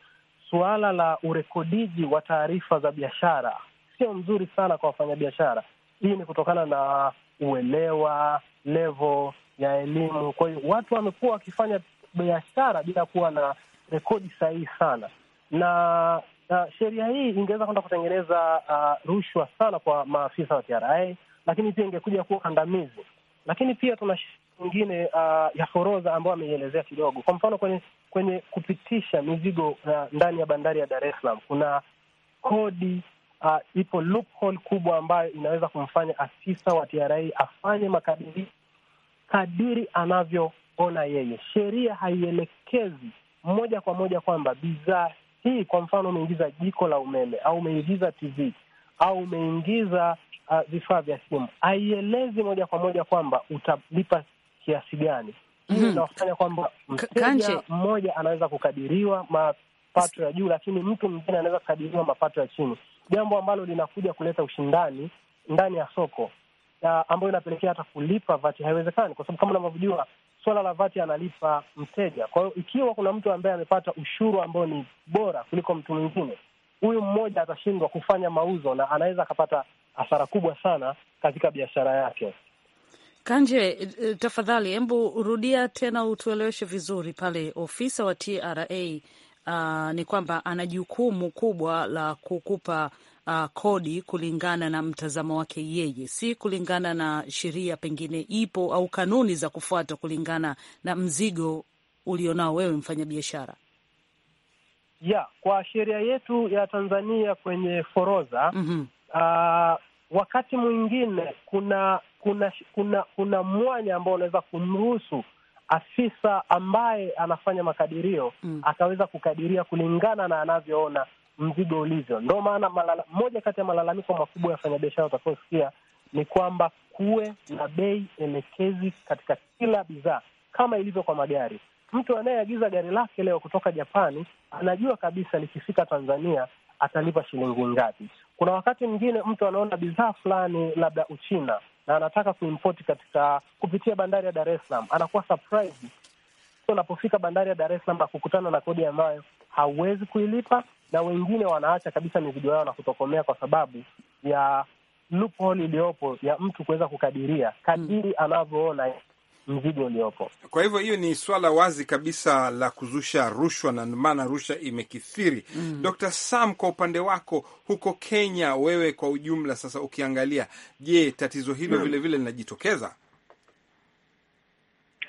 suala la urekodiji wa taarifa za biashara sio mzuri sana kwa wafanyabiashara. Hii ni kutokana na uelewa levo ya elimu. Kwa hiyo watu wamekuwa wakifanya biashara bila kuwa na rekodi sahihi sana, na Uh, sheria hii ingeweza kwenda kutengeneza uh, rushwa sana kwa maafisa wa TRA, lakini pia ingekuja kuwa kandamizi. Lakini pia tuna nyingine uh, ya forodha ambayo ameielezea kidogo. Kwa mfano kwenye kwenye kupitisha mizigo uh, ndani ya bandari ya Dar es Salaam kuna kodi uh, ipo loophole kubwa ambayo inaweza kumfanya afisa wa TRA afanye makadirio kadiri anavyoona yeye. Sheria haielekezi moja kwa moja kwamba bidhaa hii. Kwa mfano, umeingiza jiko la umeme au umeingiza TV au umeingiza uh, vifaa vya simu, haielezi moja kwa moja kwamba utalipa kiasi gani. Hii mhm. inafanya kwamba mteja mmoja anaweza kukadiriwa mapato ya juu, lakini mtu mwingine anaweza kukadiriwa mapato ya chini, jambo ambalo linakuja kuleta ushindani ndani ya soko uh, ambayo inapelekea hata kulipa vati haiwezekani, kwa sababu kama unavyojua swala la vati analipa mteja. Kwa hiyo ikiwa kuna mtu ambaye amepata ushuru ambao ni bora kuliko mtu mwingine, huyu mmoja atashindwa kufanya mauzo na anaweza akapata hasara kubwa sana katika biashara yake. Kanje, eh, eh, tafadhali hebu rudia tena utueleweshe vizuri pale. Ofisa wa TRA uh, ah, ni kwamba ana jukumu kubwa la kukupa uh, kodi kulingana na mtazamo wake yeye, si kulingana na sheria pengine ipo au kanuni za kufuata kulingana na mzigo ulionao wewe mfanyabiashara. Ya, kwa sheria yetu ya Tanzania kwenye forodha mm -hmm. uh, wakati mwingine kuna kuna kuna kuna mwanya ambao unaweza kumruhusu afisa ambaye anafanya makadirio mm. akaweza kukadiria kulingana na anavyoona mzigo ulivyo. Ndo maana malala, moja kati ya malalamiko makubwa ya wafanyabiashara watakaosikia ni kwamba kuwe na bei elekezi katika kila bidhaa kama ilivyo kwa magari. Mtu anayeagiza gari lake leo kutoka Japani anajua kabisa likifika Tanzania atalipa shilingi ngapi. Kuna wakati mwingine mtu anaona bidhaa fulani labda Uchina na anataka kuimpoti katika kupitia bandari ya Dar es Salaam, anakuwa surprise unapofika bandari ya Dar es Salaam na kukutana na kodi ambayo hauwezi kuilipa na wengine wanaacha kabisa mizigo yao na kutokomea kwa sababu ya loophole iliyopo ya mtu kuweza kukadiria kadiri hmm. anavyoona mzigo uliopo. Kwa hivyo hiyo ni swala wazi kabisa la kuzusha rushwa, na maana rushwa imekithiri. mm. Dr. Sam, kwa upande wako huko Kenya, wewe kwa ujumla sasa ukiangalia, je, tatizo hilo vilevile hmm. linajitokeza vile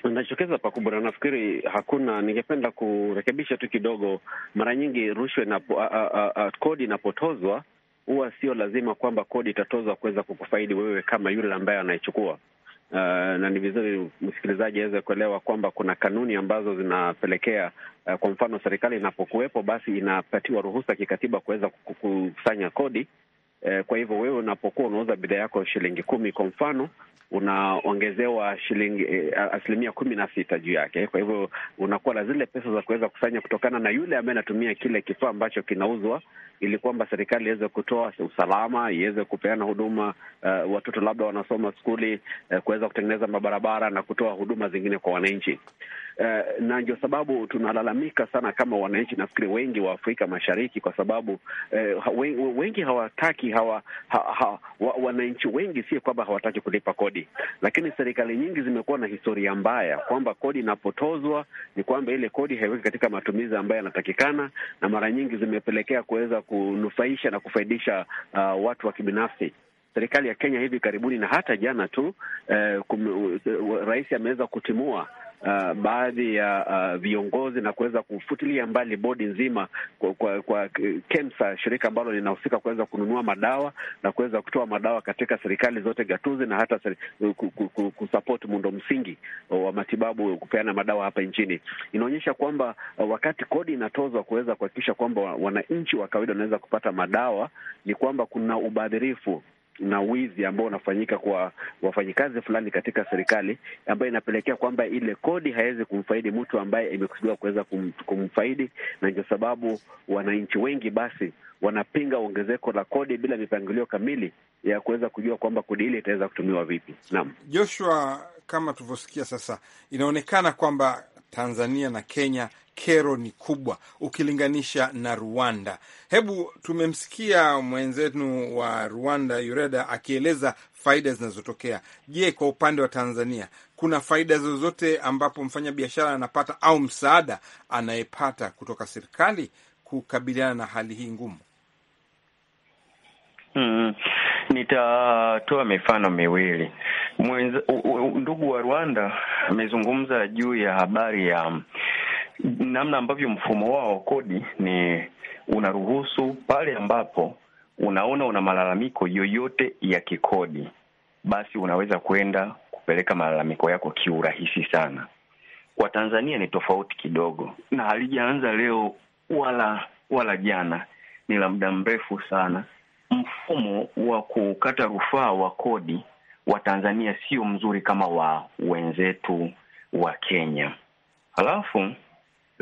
Nachokeza pakubwa na nafikiri hakuna. Ningependa kurekebisha tu kidogo. Mara nyingi rushwa inapo, kodi inapotozwa huwa sio lazima kwamba kodi itatozwa kuweza kukufaidi wewe kama yule ambaye anaichukua. Uh, na ni vizuri msikilizaji aweze kuelewa kwamba kuna kanuni ambazo zinapelekea uh, kwa mfano serikali inapokuwepo basi inapatiwa ruhusa kikatiba kuweza kukusanya kodi E, kwa hivyo wewe unapokuwa unauza bidhaa yako shilingi kumi kwa mfano, unaongezewa shilingi eh, asilimia kumi na sita juu yake. Kwa hivyo unakuwa na zile pesa za kuweza kusanya kutokana na yule ambaye anatumia kile kifaa ambacho kinauzwa, ili kwamba serikali iweze kutoa usalama, iweze kupeana huduma uh, watoto labda wanasoma skuli uh, kuweza kutengeneza mabarabara na kutoa huduma zingine kwa wananchi. Eh, na ndio sababu tunalalamika sana kama wananchi, nafikiri wengi wa Afrika Mashariki, kwa sababu eh, wengi hawataki hawa, ha, ha, wa, wananchi wengi sio kwamba hawataki kulipa kodi, lakini serikali nyingi zimekuwa na historia mbaya kwamba kodi inapotozwa ni kwamba ile kodi haiweki katika matumizi ambayo yanatakikana, na mara nyingi zimepelekea kuweza kunufaisha na kufaidisha uh, watu wa kibinafsi. Serikali ya Kenya hivi karibuni na hata jana tu eh, kum, rais ameweza kutimua uh, baadhi ya uh, viongozi na kuweza kufutilia mbali bodi nzima kwa, kwa, kwa KEMSA, shirika ambalo linahusika kuweza kununua madawa na kuweza kutoa madawa katika serikali zote gatuzi na hata kusapoti muundo msingi wa matibabu kupeana madawa hapa nchini. Inaonyesha kwamba uh, wakati kodi inatozwa kuweza kuhakikisha kwamba wananchi wa kawaida wanaweza kupata madawa, ni kwamba kuna ubadhirifu na wizi ambao unafanyika kwa wafanyikazi fulani katika serikali, ambayo inapelekea kwamba ile kodi haiwezi kumfaidi mtu ambaye imekusudiwa kuweza kum, kumfaidi, na ndio sababu wananchi wengi basi wanapinga ongezeko la kodi bila mipangilio kamili ya kuweza kujua kwamba kodi ile itaweza kutumiwa vipi. Naam, Joshua, kama tulivyosikia sasa, inaonekana kwamba Tanzania na Kenya kero ni kubwa ukilinganisha na Rwanda. Hebu tumemsikia mwenzenu wa Rwanda Yureda akieleza faida zinazotokea. Je, kwa upande wa Tanzania kuna faida zozote ambapo mfanya biashara anapata au msaada anayepata kutoka serikali kukabiliana na hali hii ngumu? Hmm, nitatoa mifano miwili. Mwenza, u, u, ndugu wa Rwanda amezungumza juu ya habari ya namna ambavyo mfumo wao wa kodi ni unaruhusu pale ambapo unaona una malalamiko yoyote ya kikodi, basi unaweza kwenda kupeleka malalamiko yako kiurahisi sana. Kwa Tanzania ni tofauti kidogo, na halijaanza leo wala wala jana, ni la muda mrefu sana. Mfumo wa kukata rufaa wa kodi wa Tanzania sio mzuri kama wa wenzetu wa Kenya. Halafu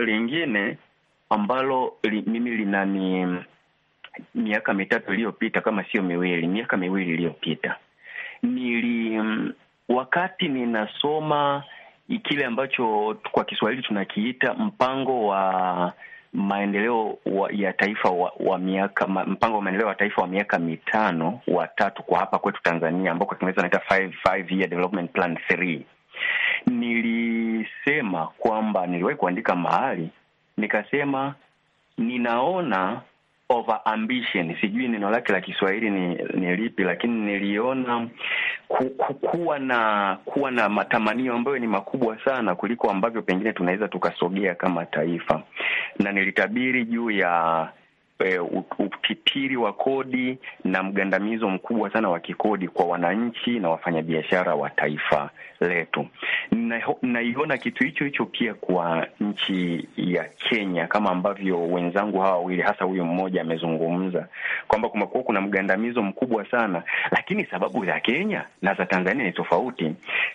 lingine ambalo li, mimi linani miaka mitatu iliyopita kama sio miwili, miaka miwili iliyopita nili wakati ninasoma kile ambacho kwa Kiswahili tunakiita mpango wa maendeleo wa, ya taifa wa, wa miaka ma, mpango wa maendeleo wa taifa wa miaka mitano wa tatu kwa hapa kwetu Tanzania ambao kwa Kiingereza naita five, five year development plan three nili kusema kwamba niliwahi kuandika mahali nikasema ninaona over ambition, sijui neno lake la Kiswahili ni, ni lipi, lakini niliona kuwa na kuwa na matamanio ambayo ni makubwa sana kuliko ambavyo pengine tunaweza tukasogea kama taifa, na nilitabiri juu ya eh, utitiri wa kodi na mgandamizo mkubwa sana wa kikodi kwa wananchi na wafanyabiashara wa taifa letu. Naiona kitu hicho hicho pia kwa nchi ya Kenya, kama ambavyo wenzangu hawa wawili hasa huyu mmoja amezungumza kwamba kumekuwa kuna mgandamizo mkubwa sana, lakini sababu za Kenya na za Tanzania ni tofauti.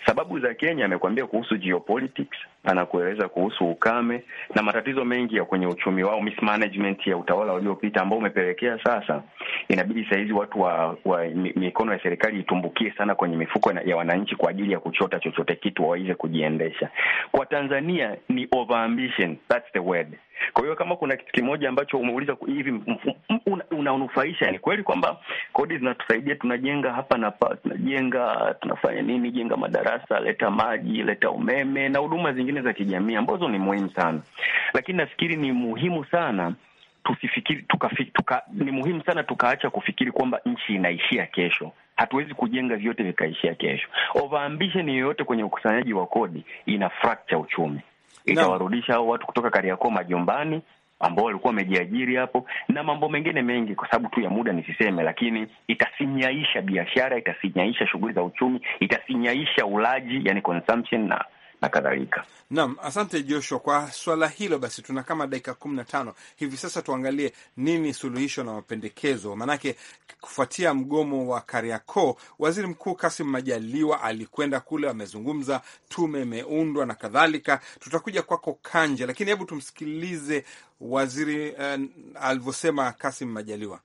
Sababu za Kenya amekuambia kuhusu geopolitics anakueleza kuhusu ukame na matatizo mengi ya kwenye uchumi wao, mismanagement ya utawala uliopita ambao umepelekea sasa inabidi sahizi watu wa, wa mikono ya serikali itumbukie sana kwenye mifuko ya wananchi kwa ajili ya kuchota chochote kitu waweze kujiendesha. Kwa Tanzania ni overambition, that's the word. Kwa hiyo kama kuna kitu kimoja ambacho umeuliza hivi unanufaisha, una ni kweli kwamba kodi zinatusaidia, tunajenga hapa na pa, tunajenga tunafanya nini, jenga madarasa, leta maji, leta umeme na huduma zingine za kijamii ambazo ni muhimu sana, lakini nafikiri ni muhimu sana tusifikiri tuka, tuka, ni muhimu sana tukaacha kufikiri kwamba nchi inaishia kesho. Hatuwezi kujenga vyote vikaishia kesho. Overambition yoyote kwenye ukusanyaji wa kodi ina fracture uchumi itawarudisha hao watu kutoka Kariakoo majumbani ambao walikuwa wamejiajiri hapo na mambo mengine mengi. Kwa sababu tu ya muda nisiseme, lakini itasinyaisha biashara, itasinyaisha shughuli za uchumi, itasinyaisha ulaji, yani consumption na na kadhalika. Naam, asante Joshua kwa swala hilo. Basi tuna kama dakika kumi na tano hivi sasa, tuangalie nini suluhisho na mapendekezo, maanake kufuatia mgomo wa Kariakoo, waziri mkuu Kasim Majaliwa alikwenda kule, amezungumza, tume imeundwa na kadhalika. Tutakuja kwako Kanje, lakini hebu tumsikilize waziri eh, alivyosema Kasim Majaliwa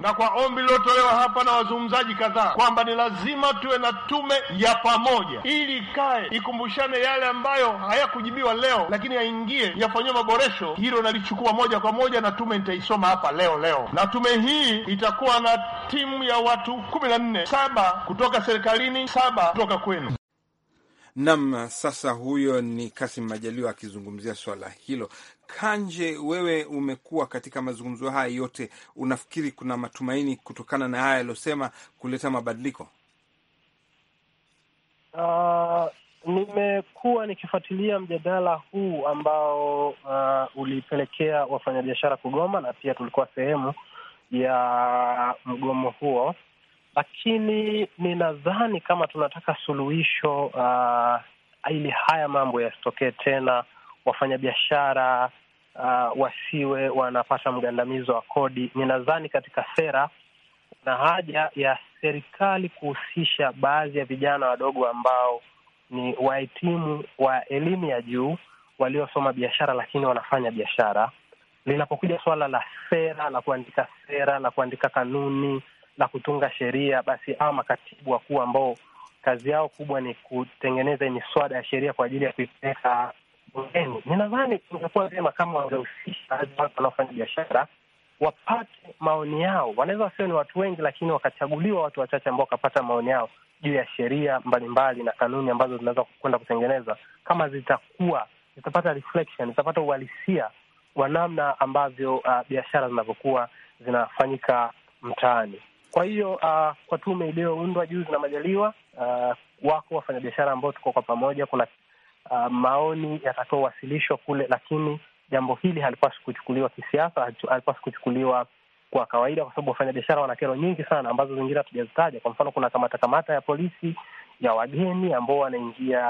na kwa ombi lilotolewa hapa na wazungumzaji kadhaa kwamba ni lazima tuwe na tume ya pamoja, ili ikae ikumbushane yale ambayo hayakujibiwa leo, lakini yaingie yafanyiwe maboresho. Hilo nalichukua moja kwa moja na tume nitaisoma hapa leo leo, na tume hii itakuwa na timu ya watu kumi na nne, saba kutoka serikalini, saba kutoka kwenu. Nam, sasa huyo ni Kasim Majaliwa akizungumzia swala hilo. Kanje, wewe umekuwa katika mazungumzo haya yote, unafikiri kuna matumaini kutokana na haya yaliyosema kuleta mabadiliko? Uh, nimekuwa nikifuatilia mjadala huu ambao uh, ulipelekea wafanyabiashara kugoma na pia tulikuwa sehemu ya mgomo huo, lakini ninadhani kama tunataka suluhisho uh, ili haya mambo yasitokee tena wafanyabiashara uh, wasiwe wanapata mgandamizo wa kodi. Ninadhani katika sera kuna haja ya serikali kuhusisha baadhi ya vijana wadogo ambao ni wahitimu wa elimu ya juu waliosoma biashara, lakini wanafanya biashara. Linapokuja suala la sera, la kuandika sera, la kuandika kanuni, la kutunga sheria, basi hawa makatibu wakuu ambao kazi yao kubwa ni kutengeneza miswada ya sheria kwa ajili ya kuipeleka wenu. Ninadhani kungekuwa vyema kama wangehusisha baadhi watu wanaofanya biashara wapate maoni yao. Wanaweza wasiwe ni watu wengi, lakini wakachaguliwa watu wachache ambao wakapata maoni yao juu ya sheria mbalimbali na kanuni ambazo zinaweza kwenda kutengeneza, kama zitakuwa zitapata reflection, zitapata uhalisia wa namna ambavyo uh, biashara zinavyokuwa zinafanyika mtaani. Kwa hiyo uh, kwa tume iliyoundwa juzi na Majaliwa uh, wako wafanyabiashara ambao tuko kwa pamoja. Kuna uh, maoni yatakaowasilishwa kule, lakini jambo hili halipaswi kuchukuliwa kisiasa, halipaswi kuchukuliwa kwa kawaida, kwa sababu wafanyabiashara wana kero nyingi sana ambazo zingine hatujazitaja. Kwa mfano, kuna kamata kamata ya polisi ya wageni ambao wanaingia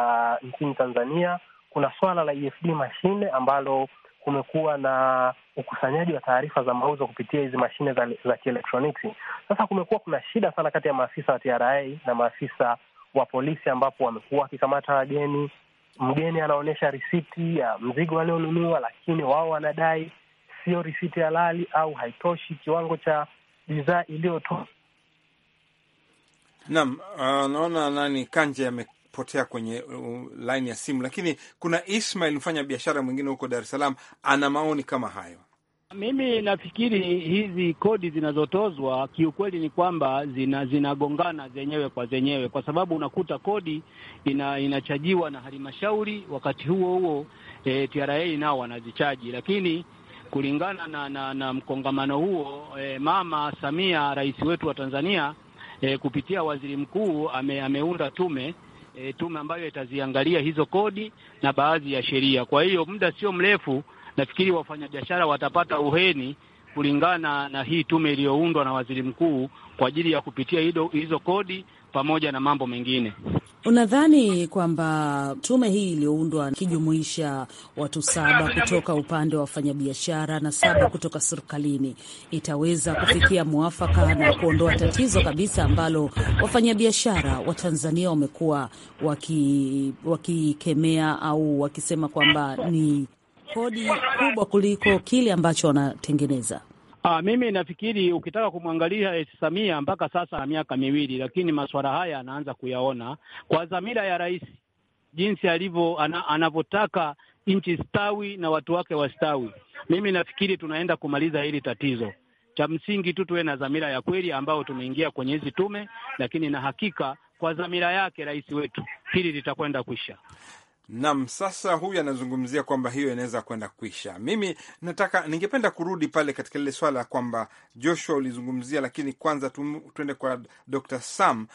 nchini Tanzania. Kuna swala la EFD mashine ambalo kumekuwa na ukusanyaji wa taarifa za mauzo kupitia hizi mashine za, za kielektroniki. Sasa kumekuwa kuna shida sana kati ya maafisa wa TRA na maafisa wa polisi, ambapo wamekuwa wakikamata wageni mgeni anaonyesha risiti ya mzigo alionunua, lakini wao wanadai sio risiti halali au haitoshi kiwango cha bidhaa iliyotoa. Naam, uh, naona nani Kanje amepotea kwenye uh, laini ya simu, lakini kuna Ismail mfanya biashara mwingine huko Dar es Salaam ana maoni kama hayo. Mimi nafikiri hizi kodi zinazotozwa kiukweli ni kwamba zina, zinagongana zenyewe kwa zenyewe, kwa sababu unakuta kodi ina, inachajiwa na halmashauri, wakati huo huo e, TRA nao wanazichaji, lakini kulingana na, na, na mkongamano huo e, Mama Samia rais wetu wa Tanzania e, kupitia waziri mkuu ame, ameunda tume e, tume ambayo itaziangalia hizo kodi na baadhi ya sheria. Kwa hiyo muda sio mrefu nafikiri wafanyabiashara watapata uheni kulingana na hii tume iliyoundwa na waziri mkuu kwa ajili ya kupitia hizo kodi pamoja na mambo mengine. Unadhani kwamba tume hii iliyoundwa ikijumuisha watu saba kutoka upande wa wafanyabiashara na saba kutoka serikalini itaweza kufikia mwafaka na kuondoa tatizo kabisa ambalo wafanyabiashara wa Tanzania wamekuwa wakikemea waki au wakisema kwamba ni kodi kubwa kuliko kile ambacho wanatengeneza. Ah, mimi nafikiri ukitaka kumwangalia Rais Samia mpaka sasa na miaka miwili, lakini masuala haya anaanza kuyaona kwa dhamira ya rais, jinsi alivyo anavyotaka nchi stawi na watu wake wastawi. Mimi nafikiri tunaenda kumaliza hili tatizo. Cha msingi tu tuwe na dhamira ya kweli ambayo tumeingia kwenye hizi tume, lakini na hakika kwa dhamira yake rais wetu hili litakwenda kuisha. Nam, sasa huyu anazungumzia kwamba hiyo inaweza kwenda kuisha. Mimi nataka ningependa kurudi pale katika lile swala kwamba Joshua ulizungumzia, lakini kwanza tu, tuende kwa Dr. Sam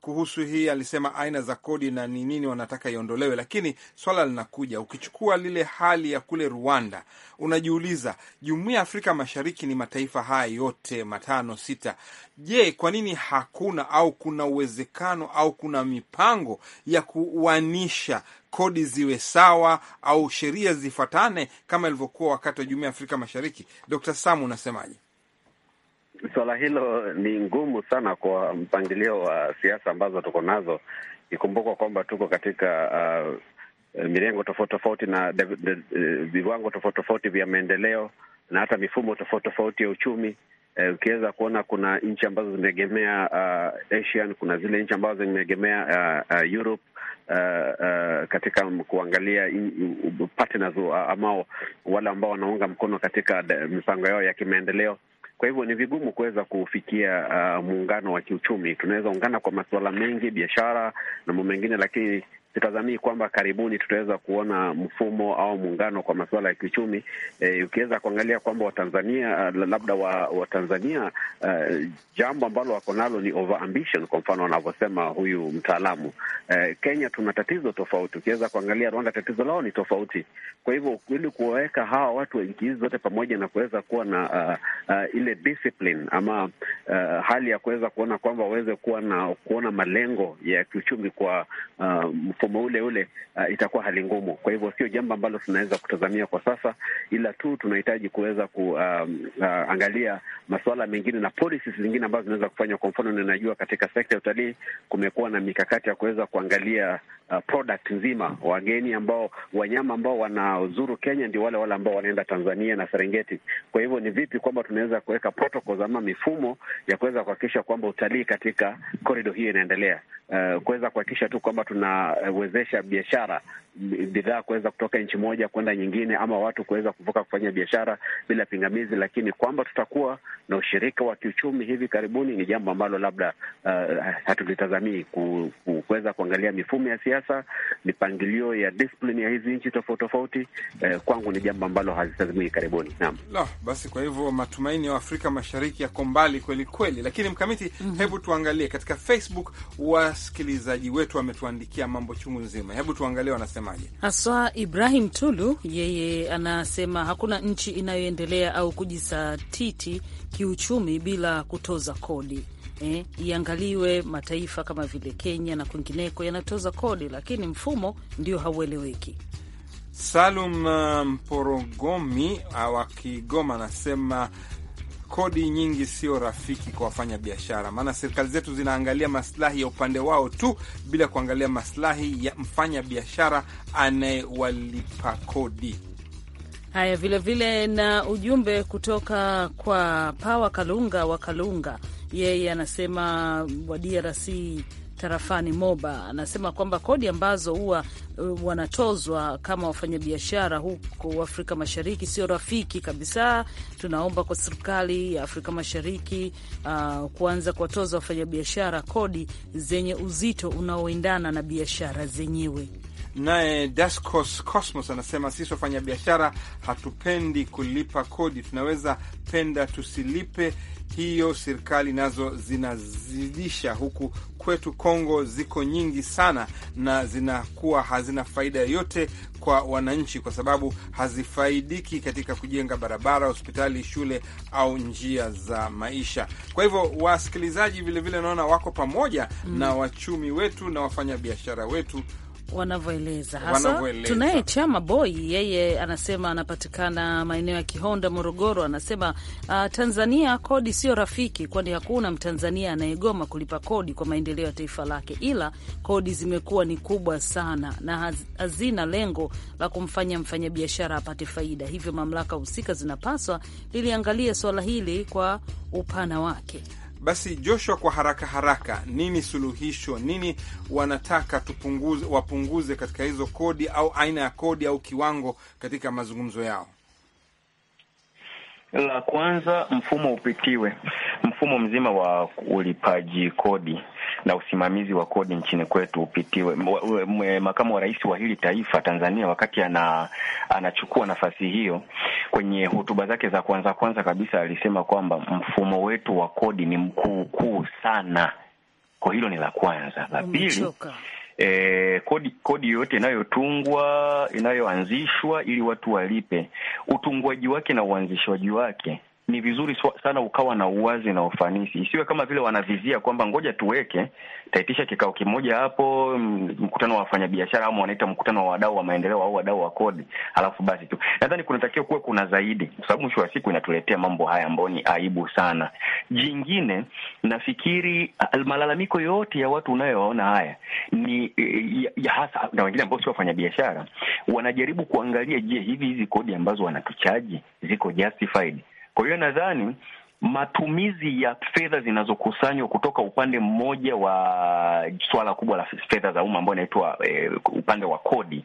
kuhusu hii alisema aina za kodi na ni nini wanataka iondolewe, lakini swala linakuja. Ukichukua lile hali ya kule Rwanda, unajiuliza jumuiya ya Afrika Mashariki ni mataifa haya yote matano sita. Je, kwa nini hakuna au kuna uwezekano au kuna mipango ya kuwanisha kodi ziwe sawa au sheria zifuatane kama ilivyokuwa wakati wa jumuiya ya Afrika Mashariki. Dr. Sam, unasemaje? Swala hilo ni ngumu sana kwa mpangilio wa siasa ambazo tuko nazo. Ikumbukwa kwamba tuko katika uh, mirengo tofauti tofauti na viwango tofauti tofauti vya maendeleo na hata mifumo tofauti tofauti ya uchumi. Eh, ukiweza kuona kuna nchi ambazo zimeegemea uh, Asian, kuna zile nchi ambazo zimeegemea uh, uh, Europe uh, uh, katika kuangalia partners uh, ama wale ambao wanaunga mkono katika mipango yao ya kimaendeleo. Kwa hivyo ni vigumu kuweza kufikia uh, muungano wa kiuchumi. Tunaweza ungana kwa masuala mengi, biashara na mambo mengine, lakini sitazamii kwamba karibuni tutaweza kuona mfumo au muungano kwa masuala ya kiuchumi. E, ukiweza kuangalia kwamba Watanzania uh, labda wa Watanzania uh, jambo ambalo wako nalo ni ambition, kwa mfano wanavyosema huyu mtaalamu e, Kenya tuna tatizo tofauti. Ukiweza kuangalia Rwanda, tatizo lao ni tofauti. Kwa hivyo ili kuwaweka hawa watu wa nchi hizi zote pamoja na kuweza kuwa na uh, uh, ile discipline ama uh, hali ya kuweza kuona kwamba waweze kuwa na kuona malengo ya kiuchumi kwa uh, mfumo ule ule, uh, itakuwa hali ngumu. Kwa hivyo sio jambo ambalo tunaweza kutazamia kwa sasa, ila tu tunahitaji kuweza kuangalia um, uh, masuala mengine na policies zingine ambazo zinaweza kufanywa. Kwa mfano, ninajua katika sekta ya utalii kumekuwa na mikakati ya kuweza kuangalia uh, product nzima, wageni ambao, wanyama ambao wanazuru Kenya ndio wale wale ambao wanaenda Tanzania na Serengeti. Kwa hivyo ni vipi kwamba tunaweza kuweka protocols ama mifumo ya kuweza kuhakikisha kwamba utalii katika korido hiyo inaendelea, uh, kuweza kuhakikisha tu kwamba tuna uh, inawezesha biashara bidhaa kuweza kutoka nchi moja kwenda nyingine, ama watu kuweza kuvuka kufanya biashara bila pingamizi, lakini kwamba tutakuwa na ushirika wa kiuchumi hivi karibuni ni jambo ambalo labda uh, hatulitazamii kuweza kuangalia mifumo ya siasa, mipangilio ya discipline ya hizi nchi tofauti tofauti. Eh, kwangu ni jambo ambalo hazitazamii karibuni. Naam, no, basi, kwa hivyo matumaini ya Afrika Mashariki yako mbali kweli kweli, lakini mkamiti, mm -hmm. Hebu tuangalie katika Facebook wasikilizaji wetu wametuandikia mambo chungu nzima, hebu tuangalie wanasema anasemaje haswa Ibrahim Tulu? Yeye anasema hakuna nchi inayoendelea au kujisatiti kiuchumi bila kutoza kodi. Eh, iangaliwe mataifa kama vile Kenya na kwingineko yanatoza kodi, lakini mfumo ndio haueleweki. Salum uh, Mporogomi uh, wa Kigoma anasema kodi nyingi sio rafiki kwa wafanya biashara maana serikali zetu zinaangalia maslahi ya upande wao tu bila kuangalia maslahi ya mfanya biashara anayewalipa kodi. Haya, vilevile vile na ujumbe kutoka kwa Pawa Kalunga wa Kalunga, yeye anasema wa DRC tarafani Moba anasema kwamba kodi ambazo huwa uh, wanatozwa kama wafanyabiashara huko Afrika Mashariki sio rafiki kabisa. Tunaomba kwa serikali ya Afrika Mashariki uh, kuanza kuwatoza wafanyabiashara kodi zenye uzito unaoendana na biashara zenyewe. Naye Dascos Cosmos anasema sisi wafanya biashara hatupendi kulipa kodi, tunaweza penda tusilipe hiyo serikali nazo zinazidisha. Huku kwetu Kongo ziko nyingi sana, na zinakuwa hazina faida yoyote kwa wananchi, kwa sababu hazifaidiki katika kujenga barabara, hospitali, shule au njia za maisha. Kwa hivyo, wasikilizaji vilevile naona wako pamoja mm, na wachumi wetu na wafanyabiashara wetu wanavyoeleza hasa. Tunaye Chama Boy, yeye anasema anapatikana maeneo ya Kihonda, Morogoro. Anasema uh, Tanzania kodi sio rafiki, kwani hakuna Mtanzania anayegoma kulipa kodi kwa maendeleo ya taifa lake, ila kodi zimekuwa ni kubwa sana na hazina lengo la kumfanya mfanyabiashara apate faida. Hivyo mamlaka husika zinapaswa liliangalia suala hili kwa upana wake. Basi Joshua, kwa haraka haraka, nini suluhisho? Nini wanataka tupunguze, wapunguze katika hizo kodi au aina ya kodi au kiwango katika mazungumzo yao? La kwanza, mfumo upitiwe, mfumo mzima wa ulipaji kodi na usimamizi wa kodi nchini kwetu upitiwe. Makamu wa rais wa hili taifa Tanzania, wakati ana, anachukua nafasi hiyo, kwenye hotuba zake za kwanza kwanza kabisa alisema kwamba mfumo wetu wa kodi ni mkuukuu sana. Kwa hilo ni la kwanza. La pili E, kodi kodi yoyote inayotungwa inayoanzishwa ili watu walipe, utungwaji wake na uanzishwaji wake ni vizuri sana ukawa na uwazi na ufanisi, isiwe kama vile wanavizia kwamba ngoja tuweke taitisha kikao kimoja hapo, mm, mkutano wa wafanyabiashara ama wanaita mkutano wa wadau wa maendeleo au wadau wa kodi, alafu basi tu. Nadhani kunatakiwa kuwe kuna zaidi, kwa sababu mwisho wa siku inatuletea mambo haya ambayo ni aibu sana. Jingine nafikiri ah, malalamiko yote ya watu unayoona haya ni eh, ya, ya hasa na wengine ambao sio wafanyabiashara wanajaribu kuangalia, je, hivi hizi kodi ambazo wanatuchaji ziko justified? Kwa hiyo nadhani matumizi ya fedha zinazokusanywa kutoka upande mmoja wa swala kubwa la fedha za umma ambayo inaitwa e, upande wa kodi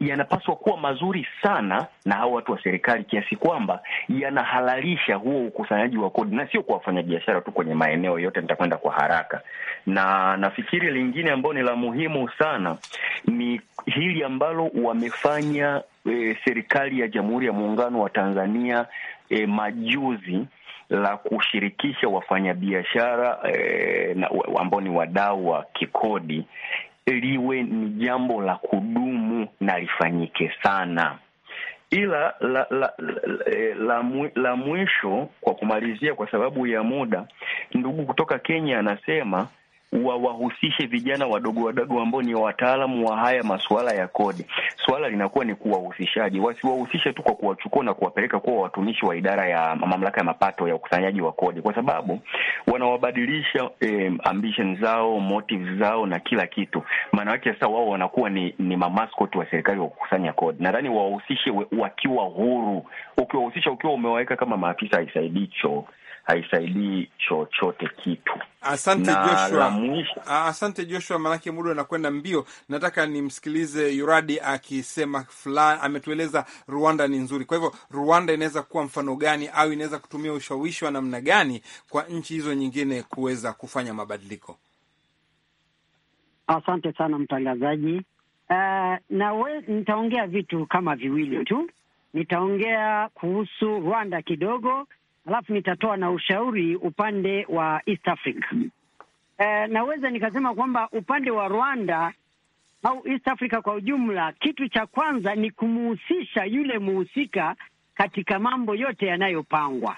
yanapaswa ya kuwa mazuri sana na hao watu wa serikali, kiasi kwamba yanahalalisha huo ukusanyaji wa kodi na sio kwa wafanyabiashara tu kwenye maeneo yote. Nitakwenda kwa haraka, na nafikiri lingine ambayo ni la muhimu sana ni hili ambalo wamefanya E, serikali ya Jamhuri ya Muungano wa Tanzania e, majuzi la kushirikisha wafanyabiashara e, ambao ni wadau wa kikodi liwe ni jambo la kudumu na lifanyike sana. Ila la, la, e, la, la mwisho kwa kumalizia, kwa sababu ya muda, ndugu kutoka Kenya anasema wawahusishe vijana wadogo wadogo ambao ni wataalamu wa haya masuala ya kodi. Swala linakuwa ni kuwahusishaji, wasiwahusishe tu kwa kuwachukua na kuwapeleka kuwa watumishi wa idara ya mamlaka ya mapato ya ukusanyaji wa kodi, kwa sababu wanawabadilisha eh, ambition zao, motives zao na kila kitu. Maana yake sasa wao wanakuwa ni, ni mamaskoti wa serikali wa kukusanya kodi. Nadhani wawahusishe wakiwa huru. Ukiwahusisha ukiwa umewaweka kama maafisa haisaidii choo haisaidii chochote kitu. Asante Joshua, asante Joshua, maanake muda anakwenda mbio. Nataka nimsikilize Yuradi akisema fulani, ametueleza Rwanda ni nzuri. Kwa hivyo Rwanda inaweza kuwa mfano gani, au inaweza kutumia ushawishi wa namna gani kwa nchi hizo nyingine kuweza kufanya mabadiliko? Asante sana mtangazaji. Uh, nawe nitaongea vitu kama viwili tu, nitaongea kuhusu Rwanda kidogo alafu nitatoa na ushauri upande wa East Africa. E, naweza nikasema kwamba upande wa Rwanda au East Africa kwa ujumla, kitu cha kwanza ni kumuhusisha yule muhusika katika mambo yote yanayopangwa.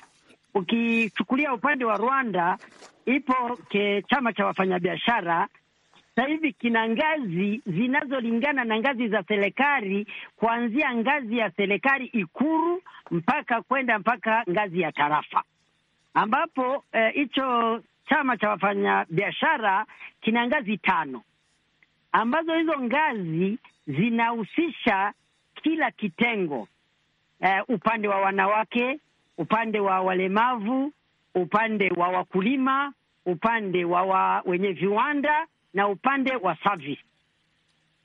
Ukichukulia upande wa Rwanda, ipo ke chama cha wafanyabiashara sasa hivi kina ngazi zinazolingana na ngazi za serikali, kuanzia ngazi ya serikali Ikuru mpaka kwenda mpaka ngazi ya tarafa, ambapo eh, hicho eh, chama cha wafanyabiashara kina ngazi tano ambazo hizo ngazi zinahusisha kila kitengo eh, upande wa wanawake, upande wa walemavu, upande wa wakulima, upande wa, wa wenye viwanda na upande wa service.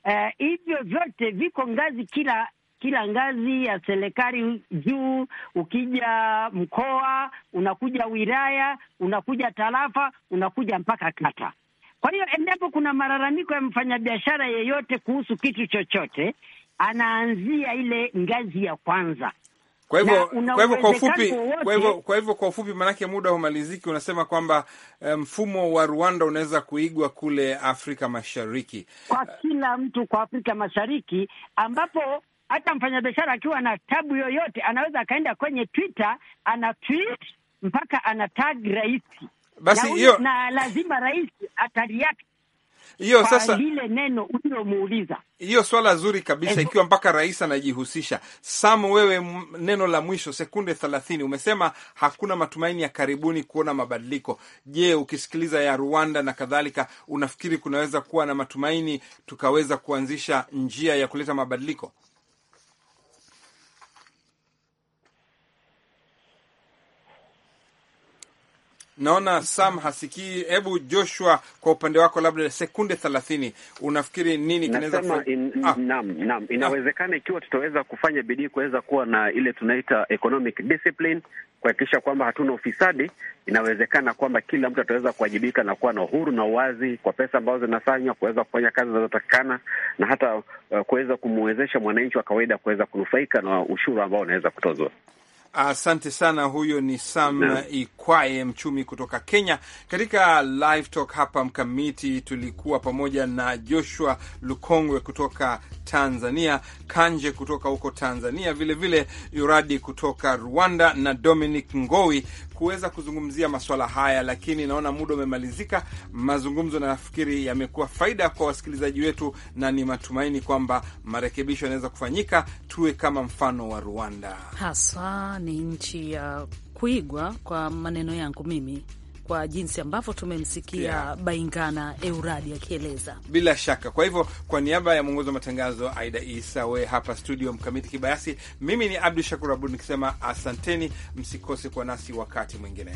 Uh, hivyo vyote viko ngazi, kila kila ngazi ya serikali juu, ukija mkoa, unakuja wilaya, unakuja tarafa, unakuja mpaka kata. Kwa hiyo endapo kuna malalamiko ya mfanyabiashara yeyote kuhusu kitu chochote, anaanzia ile ngazi ya kwanza kwa hivyo kwa hivyo kwa ufupi, kwa hivyo kwa hivyo kwa ufupi, maanake muda humaliziki, unasema kwamba eh, mfumo wa Rwanda unaweza kuigwa kule Afrika Mashariki kwa kila mtu, kwa Afrika Mashariki ambapo hata mfanyabiashara akiwa na tabu yoyote anaweza akaenda kwenye Twitter ana tweet mpaka ana tag rais basi hiyo na, na lazima rais atareact hiyo sasa, lile neno uliomuuliza, Hiyo swala zuri kabisa, ikiwa mpaka rais anajihusisha. Sam, wewe, neno la mwisho, sekunde thelathini. Umesema hakuna matumaini ya karibuni kuona mabadiliko. Je, ukisikiliza ya Rwanda na kadhalika, unafikiri kunaweza kuwa na matumaini tukaweza kuanzisha njia ya kuleta mabadiliko? Naona Sam hasikii. Hebu Joshua, kwa upande wako, labda sekunde thelathini, unafikiri nini kinaweza kufanya? In, ah, nam, nam. Ah. inawezekana ikiwa tutaweza kufanya bidii kuweza kuwa na ile tunaita economic discipline, kuhakikisha kwamba hatuna ufisadi, inawezekana kwamba kila mtu ataweza kuwajibika na kuwa na uhuru na uwazi kwa pesa ambazo zinafanywa kuweza kufanya kazi zinazotakikana na hata uh, kuweza kumwezesha mwananchi wa kawaida kuweza kunufaika na ushuru ambao unaweza kutozwa. Asante sana. Huyo ni Sam Ikwaye, mchumi kutoka Kenya. Katika live talk hapa Mkamiti tulikuwa pamoja na Joshua Lukongwe kutoka Tanzania, Kanje kutoka huko Tanzania, vilevile Yuradi kutoka Rwanda na Dominic Ngowi kuweza kuzungumzia maswala haya, lakini naona muda umemalizika. Mazungumzo nafikiri yamekuwa faida kwa wasikilizaji wetu, na ni matumaini kwamba marekebisho yanaweza kufanyika, tuwe kama mfano wa Rwanda. Haswa ni nchi ya kuigwa kwa maneno yangu mimi kwa jinsi ambavyo tumemsikia yeah, Baingana Euradi akieleza bila shaka. Kwa hivyo kwa niaba ya mwongozi wa matangazo Aida Isa, we hapa studio Mkamiti Kibayasi, mimi ni Abdu Shakur Abud nikisema asanteni, msikose kwa nasi wakati mwingine.